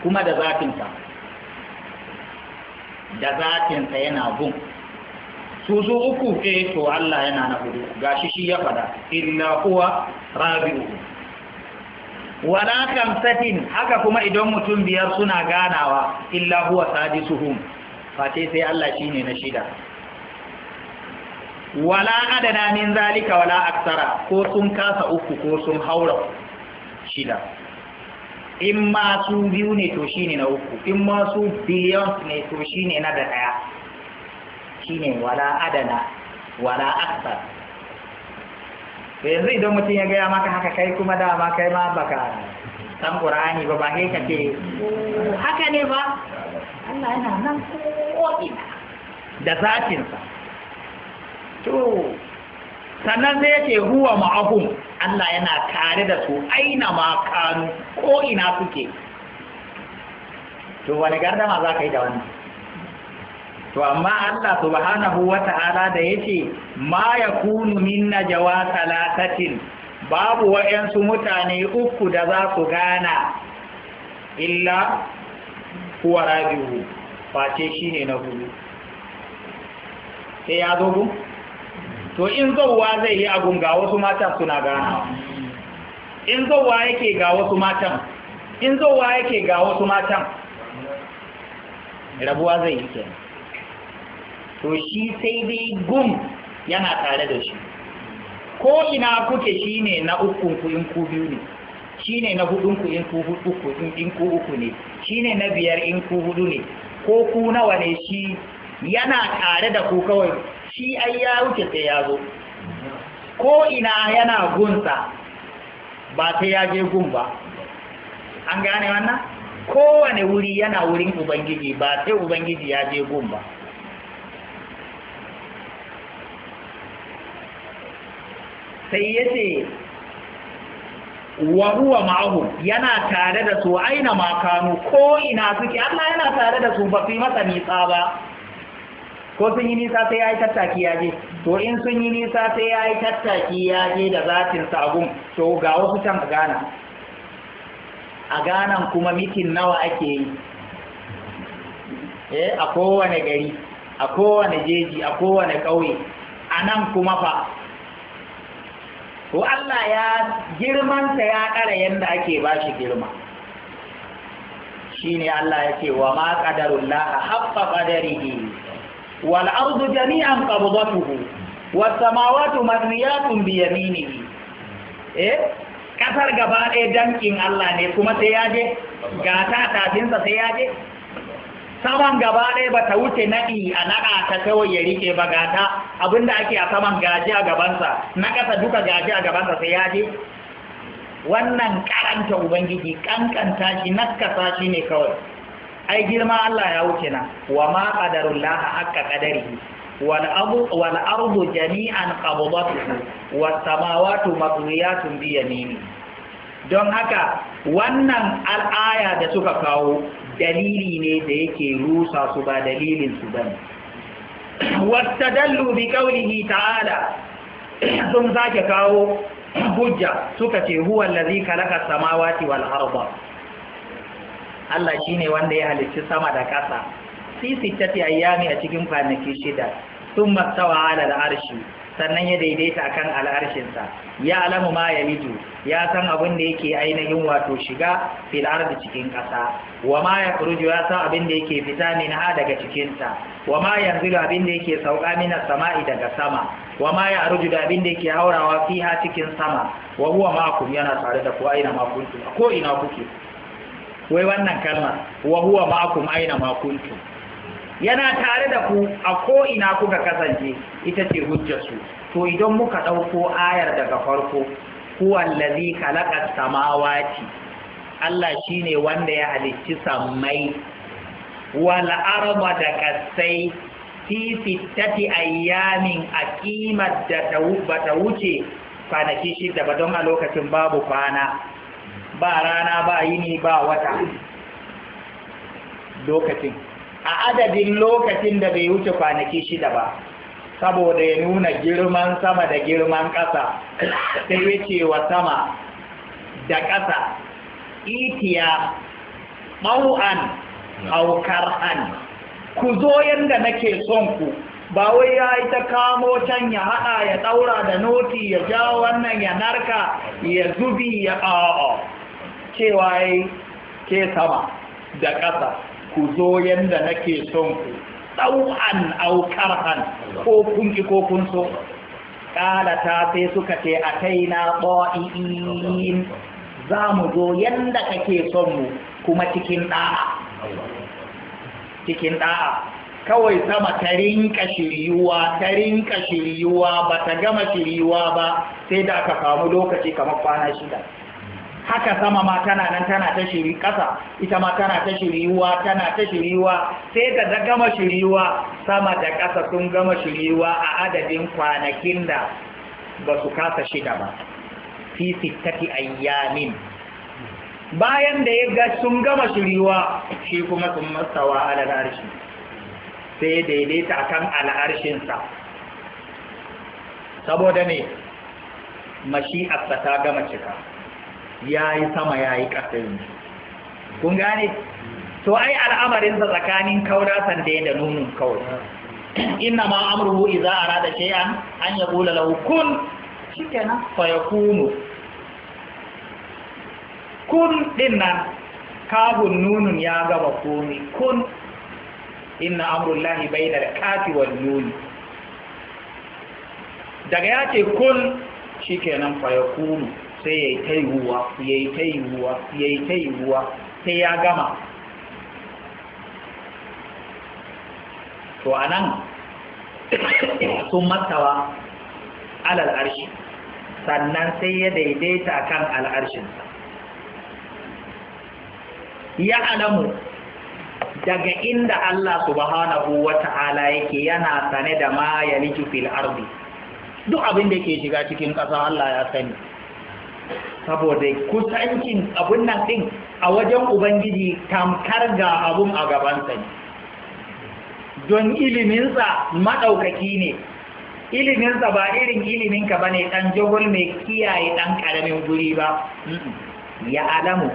kuma da zafinsa da zafinsa yana gun su su uku eh to Allah yana na hudu ga shi shi ya fada illa kuwa rabi'u wala satin, haka kuma idan mutum biyar suna ganawa illa huwa sadisuhum face sai Allah shi ne na shida wala adana min zalika wala aksara ko sun kasa uku ko sun haura shida in ma su biyu ne to shi ne na uku in ma su billions ne to shi ne na da shi ne wala adana wala aksara to yanzu idan mutum ya gaya maka haka kai kuma dama kai ma baka san ƙura'ani ba ba kai ka ce haka ne ba Allah yana nan ko'ina da zatinsa to sannan zai ce huwa ma'ahun Allah yana tare da su aina ma kanu ko'ina suke to wani gardama za ka yi da wani to amma Allah subhanahu wa ta'ala da ya yace ma kunu min jawa talatatin babu wa'yansu mutane uku da za su gana illa Rabi rabi'u face ne na hudu sai ya zo to in zauwa zai yi abun ga wasu matan suna ganawa in zauwa yake ga wasu matan in zauwa yake ga wasu matan rabuwa zai yi kenan to shi sai dai gum yana tare da shi ko ina kuke shi ne na ukun in ku biyu ne shine na hudun ku in ku uku in ku uku ne shine na biyar in ku hudu ne ko ku nawa ne shi yana tare da ku kawai shi ai ya wuce sai ya zo ko ina yana gunsa ba sai ya je gun ba an gane wannan kowane wuri yana wurin ubangiji ba sai ubangiji ya je gun ba sai ya ce wa huwa ma'ahu yana tare da su aina ma kanu ko ina suke Allah yana tare da su ba su masa nisa ba ko sun yi nisa sai ya yi tattaki ya je to in sun yi nisa sai ya yi tattaki ya je da zatin sa gun to ga wasu can a a ganan kuma mitin nawa ake yi eh a kowane gari a kowane jeji a kowane ƙauye a nan kuma fa to Allah ya girmansa ya ƙara yadda ake ba shi girma shine Allah ya ce wa ma qadarullah haqqa qadarihi wal ardu jami'an qabdatuhu was samawati mabniyatun bi yaminihi eh kasar gaba ɗaya dankin Allah ne kuma sai ya je ga ta tafinsa sai ya je saman gaba ɗaya ba ta wuce naɗi a naɗa ta kawai ya rike ba gata abinda ake a saman gaji a gabansa na ƙasa duka gaji a gabansa sai ya je wannan karanta ubangiji kankanta shi nakasa shi ne kawai ai girma Allah ya wuce na wa ma qadarullah haqqa qadarihi wal ardu wal ardu jami'an qabdatuhu was samawati maqwiyatun bi yaminihi don haka wannan al'aya da suka kawo dalili ne da yake rusa su ba dalilin su bane dallu bi kaulihi ta'ala sun zake kawo hujja suka ce huwa allazi khalaqa samawati wal arda Allah shine wanda ya halicci sama da ƙasa fi tati ayyami a cikin kwanaki shida thumma stawa ala al-arshi sannan ya daidaita kan al'arshinsa ya alamu ma ya liju ya san abin da yake ainihin wato shiga fil ardi cikin ƙasa wa ma ya kuruju ya san abin da yake fita min ha daga cikinta wa ma da abin da yake sauka min sama'i daga sama wa ma ya aruju da abin da yake haurawa fiha cikin sama wa huwa ma'akum yana tare da ku aina ma kuntum ko ina kuke wai wannan kalma wa huwa ma'akum aina ma kuntum yana tare da ku a ko ina kuka kasance ita ce hujjarsu to idan muka ɗauko ayar daga farko huwan lazi kalakar samawati Allah shi ne wanda ya halicci sammai wal arba da kasai fi sittati ayyamin a ƙimar da ta wuce kwanaki shida ba don a lokacin babu kwana ba rana ba yini ba wata lokacin a adadin lokacin da bai wuce kwanaki shida ba saboda ya nuna girman sama da girman ƙasa sai ya wa sama da ƙasa itiya haukar an. ku zo yadda nake son ku ba wai ya yi ta kamo can ya haɗa ya ɗaura da noti ya ja wannan ya narka ya zubi ya ƙawa cewa ke sama da ƙasa ku zo yanda nake son ku ɗau'an han, ko kun ki ko kun so ta sai suka ce a kai na za mu zo yanda kake son mu kuma cikin ɗa'a cikin ɗa'a kawai sama ta rinka shiryuwa ta rinka shiryuwa ba ta gama shiryuwa ba sai da aka samu lokaci kamar kwana shida haka sama ma tana nan tana ta shiri ƙasa ita ma tana ta shiriwa tana ta shiriwa sai da ta gama shiriwa sama da ƙasa sun gama shiriwa a adadin kwanakin da ba su kasa shida ba fi sittati ayyamin bayan da ya ga sun gama shiriwa shi kuma sun masawa alal arshi sai daidaita kan al'arshinsa saboda ne mashi'arsa ta gama cika ya yi sama ya yi ƙasa yanzu kun gane to ai al'amarinsa tsakanin kauna sande da nunin kawai ina ma iza a rada shay'an an ƙula lahu kun shikenan faya kunu kun dinnan kafin nunin ya gaba komi kun inna bai bainal da wal nuni daga ya ce kun nan faya kunu sai ya yi ta yiwuwa ya yi ta yiwuwa ya yi ta yiwuwa sai ya gama to a nan sun matawa alal sannan sai ya daidaita kan al'arshinsa ya alamu daga inda Allah subhanahu wa ta'ala yake yana sane da ma ya fil ardi duk abin da ke shiga cikin ƙasa Allah ya sani saboda kusancin abun nan ɗin a wajen ubangiji tamkar ga abun a gabansa ne don iliminsa maɗaukaki ne iliminsa ba irin iliminka ba ne ɗan jahul mai kiyaye ɗan ƙaramin guri ba ya alamu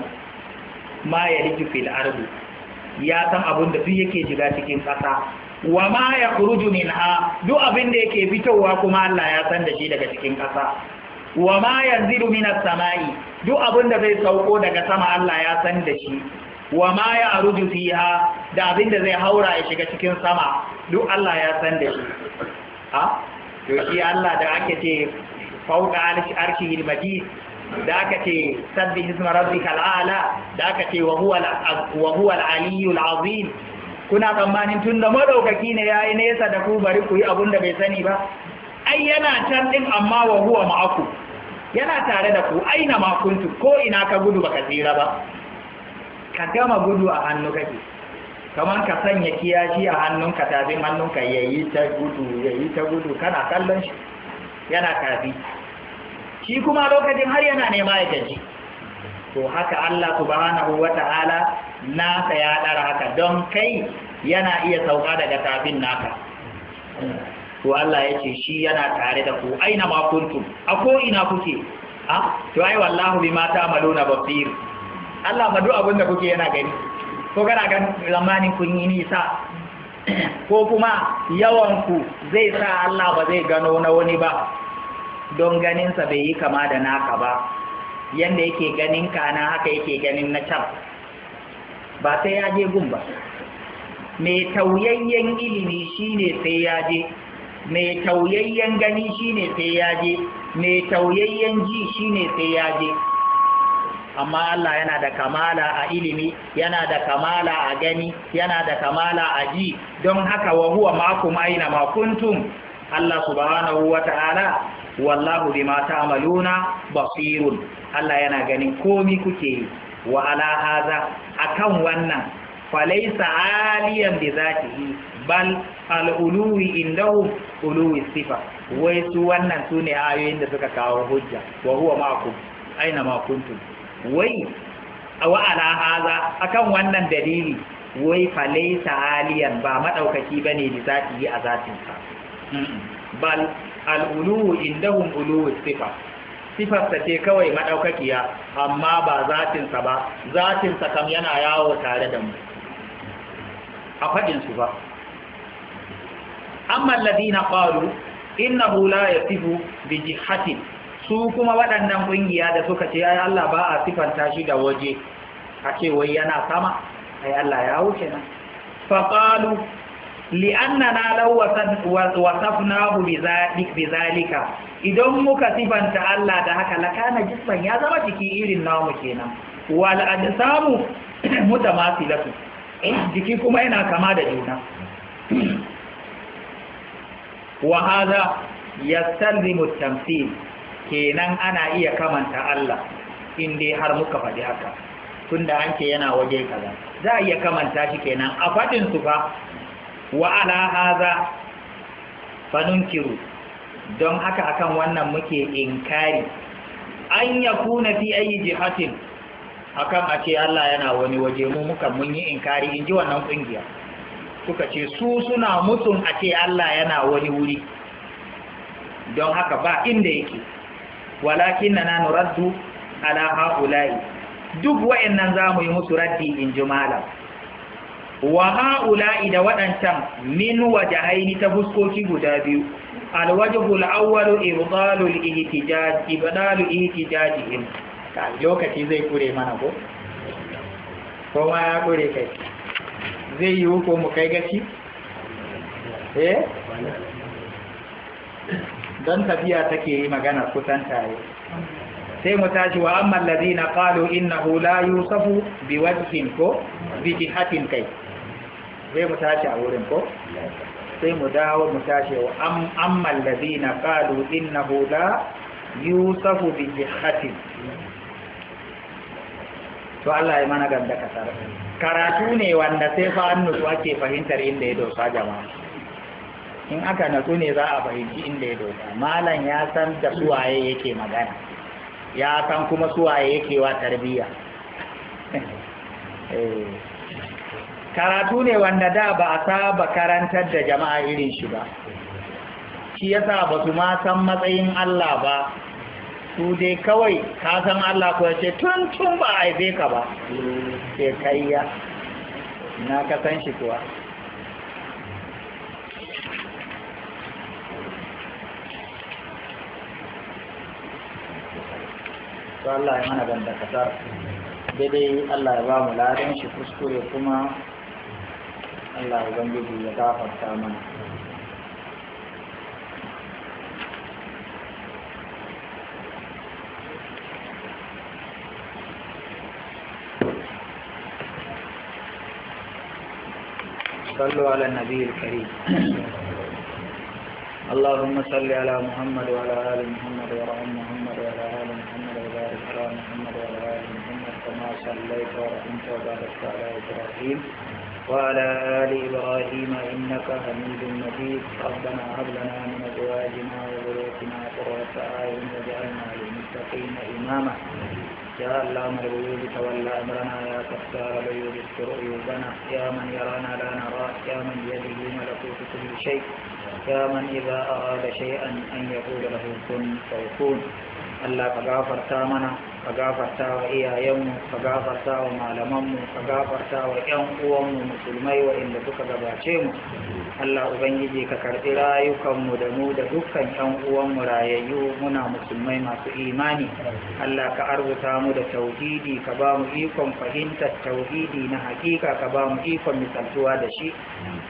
ma ya liki fil ya san abun da duk yake shiga cikin ƙasa wa ma ya kuruju min ha duk abin da yake fitowa kuma Allah ya san da shi daga cikin ƙasa wa ma yanzilu minas samai duk abin da zai sauko daga sama Allah ya san da shi wa ma ya aruju fiha da abin da zai haura ya shiga cikin sama duk Allah ya san da shi ha to shi Allah da ake ce fauka arshi ilmaji da aka ce sabbi hisma rabbikal a'la da aka ce wa huwa wa huwa al-aliyyul azim kuna tsammanin tunda madaukaki ne yayi nesa da ku bari ku yi abin da bai sani ba ai yana can din amma wa huwa ma'aku yana tare da ku aina ma kuntu ko ina ka gudu baka tsira ba ka gama gudu a hannu kake kamar ka sanya kiyashi a hannunka tafin hannunka yayi ta gudu yayi ta gudu kana kallon shi yana tafi shi kuma lokacin har yana nema ya gaji to haka Allah subhanahu wata'ala Na ya dara haka don kai yana iya sauka daga tafin naka to Allah ya ce shi yana tare da ku aina ma kuntum a ko ina kuke a to ai wallahu bima ta'maluna basir Allah ma duk abin da kuke yana gani ko kana ga zamanin kun yi nisa ko kuma yawan ku zai sa Allah ba zai gano na wani ba don ganin sa bai yi kama da naka ba yanda yake ganin ka na haka yake ganin na can ba sai ya je gun ba mai tauyayyen ilimi shine sai ya je mai tauyayyen gani shine sai ya je mai tauyayyen ji shine sai ya je amma Allah yana da kamala a ilimi yana da kamala a gani yana da kamala a ji don haka wa huwa makum aina ma kuntum Allah subhanahu wa ta'ala wallahu bima ta'maluna basirun Allah yana ganin komi kuke wa ala haza akan wannan falaisa aliyan bi zatihi bal al'uluwi indahum uluwi sifa wai su wannan su ne ayoyin da suka kawo hujja wa huwa aina ma wai wa ala haza akan wannan dalili wai fa laysa aliyan ba madaukaki bane da zati yi a zatin sa bal al'uluwi indahum uluwi sifa sifarsa ce kawai maɗaukakiya, amma ba zafinsa ba Zafinsa kam yana yawo tare da mu a faɗinsu ba amma alladhina qalu innahu la yasifu bi jihatin su kuma waɗannan ƙungiya da suka ce ai Allah ba a sifanta shi da waje a ce wai yana sama ai Allah ya wuce nan fa qalu li'annana law wasafnahu bi zalika idan muka sifanta Allah da haka lakana jisman ya zama jiki irin namu kenan wal ajsamu mutamasilatu eh, jiki kuma yana kama da juna wa hadha yastalzimu tamthil kenan ana iya kamanta Allah in dai har muka faɗi haka tunda an yana waje kaza za a iya kamanta shi kenan a faɗin su fa wa ala fa fanunkiru don haka akan wannan muke inkari an yakuna fi ayi jihatin akan a ce Allah yana wani waje mu muka mun yi inkari in ji wannan kungiya suka ce su suna mutum a ce Allah yana wani wuri don haka ba inda yake walakin na nanu raddu ala haula'i duk za zamu yi musu raddi in ji malam. wa haula'i da waɗancan min waje haini ta fuskoki guda biyu alwajhu alawwal ibdalu al-ihtijaj ibdalu ihtijajihim lokaci zai kure mana ko kowa ya kure kai zai yi ko mu kai gaci eh don tafiya take yi magana kusan tare sai mu tashi wa amman lazina qalu innahu la yusafu bi wajhin ko bi jihatin kai sai mu tashi a wurin ko sai mu dawo mu tashi wa amman lazina qalu innahu la yusafu bi jihatin to Allah ya mana ganda kasar karatu ne wanda sai fa an su ake fahimtar inda ya dosa jama'a in aka nutsu ne za a fahimci inda ya dosa malam ya san da suwaye yake magana ya san kuma suwaye yake wa tarbiyya eh. karatu ne wanda da ba a saba karantar da jama'a irin shi ba shi yasa ba su ma san matsayin Allah ba su dai kawai ka san Allah ko yace tun tun ba a haife ka ba ke kayya na ka san shi kuwa to Allah ya mana ganda kasar daidai Allah ya ba mu ladan shi kuskure kuma Allah ya ubangiji ya gafarta mana صلوا على النبي الكريم اللهم صل على محمد وعلى آل محمد وعلى محمد وعلى آل محمد وبارك على محمد وعلى آل محمد كما صليت ورحمت وباركت على إبراهيم وعلى آل إبراهيم إنك حميد مجيد ربنا هب لنا من أزواجنا وذريتنا قرة أعين واجعلنا للمتقين إماما يا علام الغيوب تولى أمرنا يا تختار العيوب استر عيوبنا يا من يرانا لا نراه يا من بيده ملكوت كل شيء يا من إذا أراد شيئا أن يقول له كن فيكون الله تغافر تامنا ka gafarta wa iyayenmu ka gafarta wa malamanmu ka gafarta wa ƴan uwanmu musulmai inda suka gabace mu Allah ubangiji ka karɓi rayukanmu da mu da dukkan ƴan uwanmu rayayyu muna musulmai masu imani Allah ka arzuta mu da tauhidi ka ba mu ikon fahimtar tauhidi na hakika ka ba mu ikon misaltuwa da shi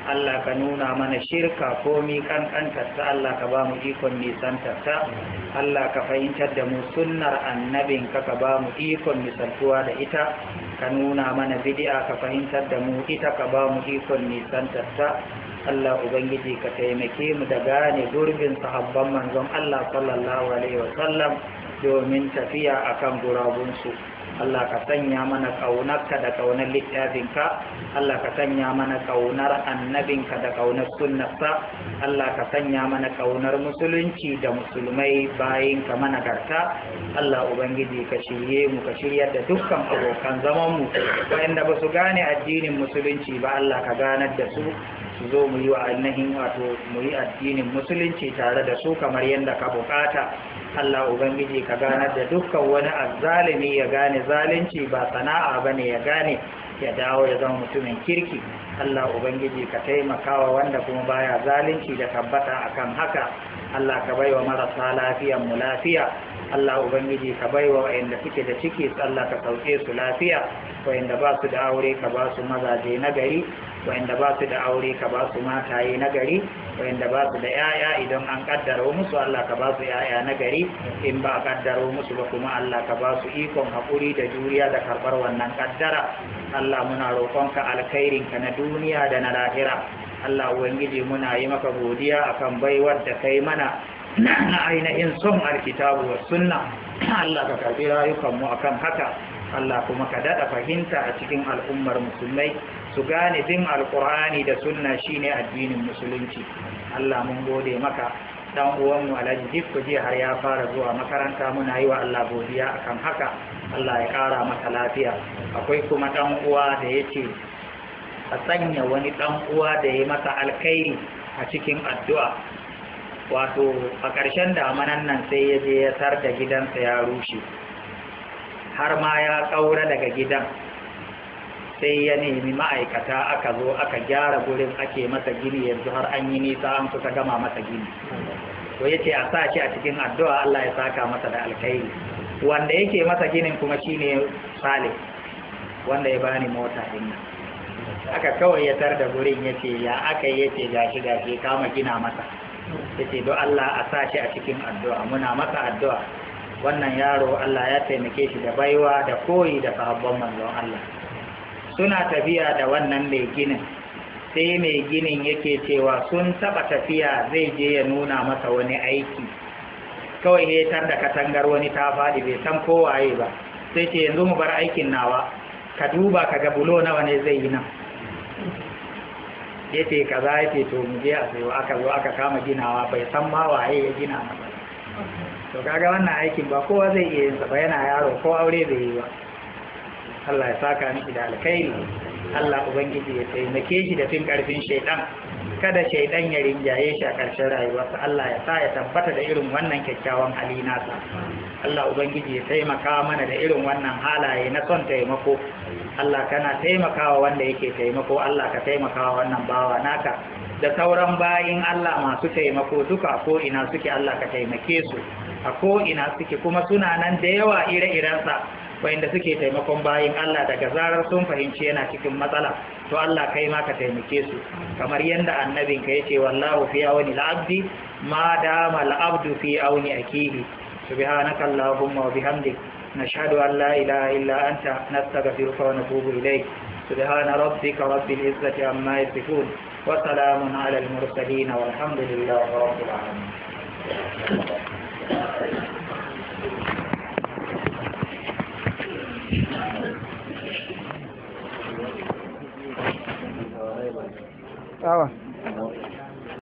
Allah ka nuna mana shirka komi kankanta ta Allah ka ba mu ikon nisantar ta Allah ka fahimtar da mu sunnar annabinka ka ba mu ikon misaltuwa da ita ka nuna mana bidi'a ka fahimtar da mu ita ka ba mu ikon ta Allah Ubangiji ka taimake mu da gane gurbin sahabban manzon Allah sallallahu alaihi sallam domin tafiya akan gurabunsu Allah ka sanya mana ƙaunarka da ƙaunar littafinka Allah ka sanya mana ƙaunar annabinka da ƙaunar sunnarsa Allah ka sanya mana ƙaunar musulunci da musulmai bayin ka mana garta Allah ubangiji ka shirye mu ka shirya da dukkan abokan zaman mu waɗanda ba su gane addinin musulunci ba Allah ka ganar da su su zo mu yi wa annahin wato mu yi addinin musulunci tare da su kamar yadda ka bukata Allah Ubangiji ka ganar da dukkan wani azzalimi ya gane zalunci ba sana'a ba ne ya gane ya dawo ya zama mutumin kirki Allah Ubangiji ka taimakawa wanda kuma baya zalunci da tabbata akan haka Allah ka baiwa marasa lafiyan mu lafiya Allah ubangiji ka baiwa wa'anda suke da ciki Allah ka sauke su lafiya wa'anda ba su da aure ka ba su mazaje na gari wa'anda ba su da aure ka ba su mataye na gari wa'anda ba su da yaya idan an kaddaro musu Allah ka ba su yaya na gari in ba kaddaro musu ba kuma Allah ka ba su ikon hakuri da juriya da karbar wannan kaddara Allah muna roƙonka ka na duniya da na lahira Allah ubangiji muna yi maka godiya akan baiwar da kai mana na ainihin son alkitabu wa sunna Allah ka karbi rayukanmu a kan haka Allah kuma ka daɗa fahimta a cikin al'ummar musulmai su gane bin alƙur'ani da sunna shine addinin musulunci Allah mun gode maka dan uwanmu alhaji dikko jiya har ya fara zuwa makaranta muna yi wa Allah godiya akan haka Allah ya ƙara maka lafiya akwai kuma dan uwa da ya ce a sanya wani dan uwa da ya masa alkhairi a cikin addu'a wato a ƙarshen damanan nan sai ya je ya tar da gidansa ya rushe har ma ya ƙaura daga gidan sai ya nemi ma'aikata aka zo aka gyara gurin ake masa gini yanzu har an yi nisa an kusa gama masa gini to ya ce a sa shi a cikin addu'a Allah ya saka masa da alkhairi wanda yake masa ginin kuma shine Salih wanda ya bani mota din nan aka kawai ya tar da gurin yace ya aka yi ce gashi gashi kama gina masa ya ce don Allah a sa shi a cikin addu'a muna masa addu'a wannan yaro Allah ya taimake shi da baiwa da koyi da sahabban manzon Allah suna tafiya da wannan mai ginin sai mai ginin yake cewa sun taɓa tafiya zai je ya nuna masa wani aiki kawai hetar da katangar wani ta faɗi bai san kowaye ba sai ce yanzu mu bar aikin nawa ka duba ka ga bulo nawa ne zai yi nan ya ce kaza ya ce to mu je a sayo aka zo aka kama ginawa bai san ma waye ya gina masa to kaga wannan aikin ba kowa zai iya yin sa ba yana yaro ko aure bai yi ba Allah ya saka ni da alkhairi Allah ubangiji ya taimake shi da fin karfin shaytan kada shaidan ya rinjaye shi a ƙarshen rayuwarsa Allah ya sa ya tabbata da irin wannan kyakkyawan hali nasa Allah ubangiji ya taimaka mana da irin wannan halaye na son taimako Allah kana taimakawa wanda yake taimako Allah ka taimakawa wannan bawa naka da sauran bayin Allah masu taimako duka ko ina suke Allah ka taimake su a ko ina suke kuma suna nan da yawa ire-irensa wa'inda suke taimakon bayin Allah daga zarar sun fahimci yana cikin matsala to Allah kai ma ka taimake su kamar yadda annabin ka yace wallahu fi awni al-abdi ma dama al-abdu fi awni akihi subhanaka allahumma wa bihamdik nashhadu an la ilaha illa anta nastaghfiruka wa natubu ilayk subhana rabbika rabbil izzati amma yasifun wa salamun ala al-mursalin walhamdulillahi rabbil Tchau. lá.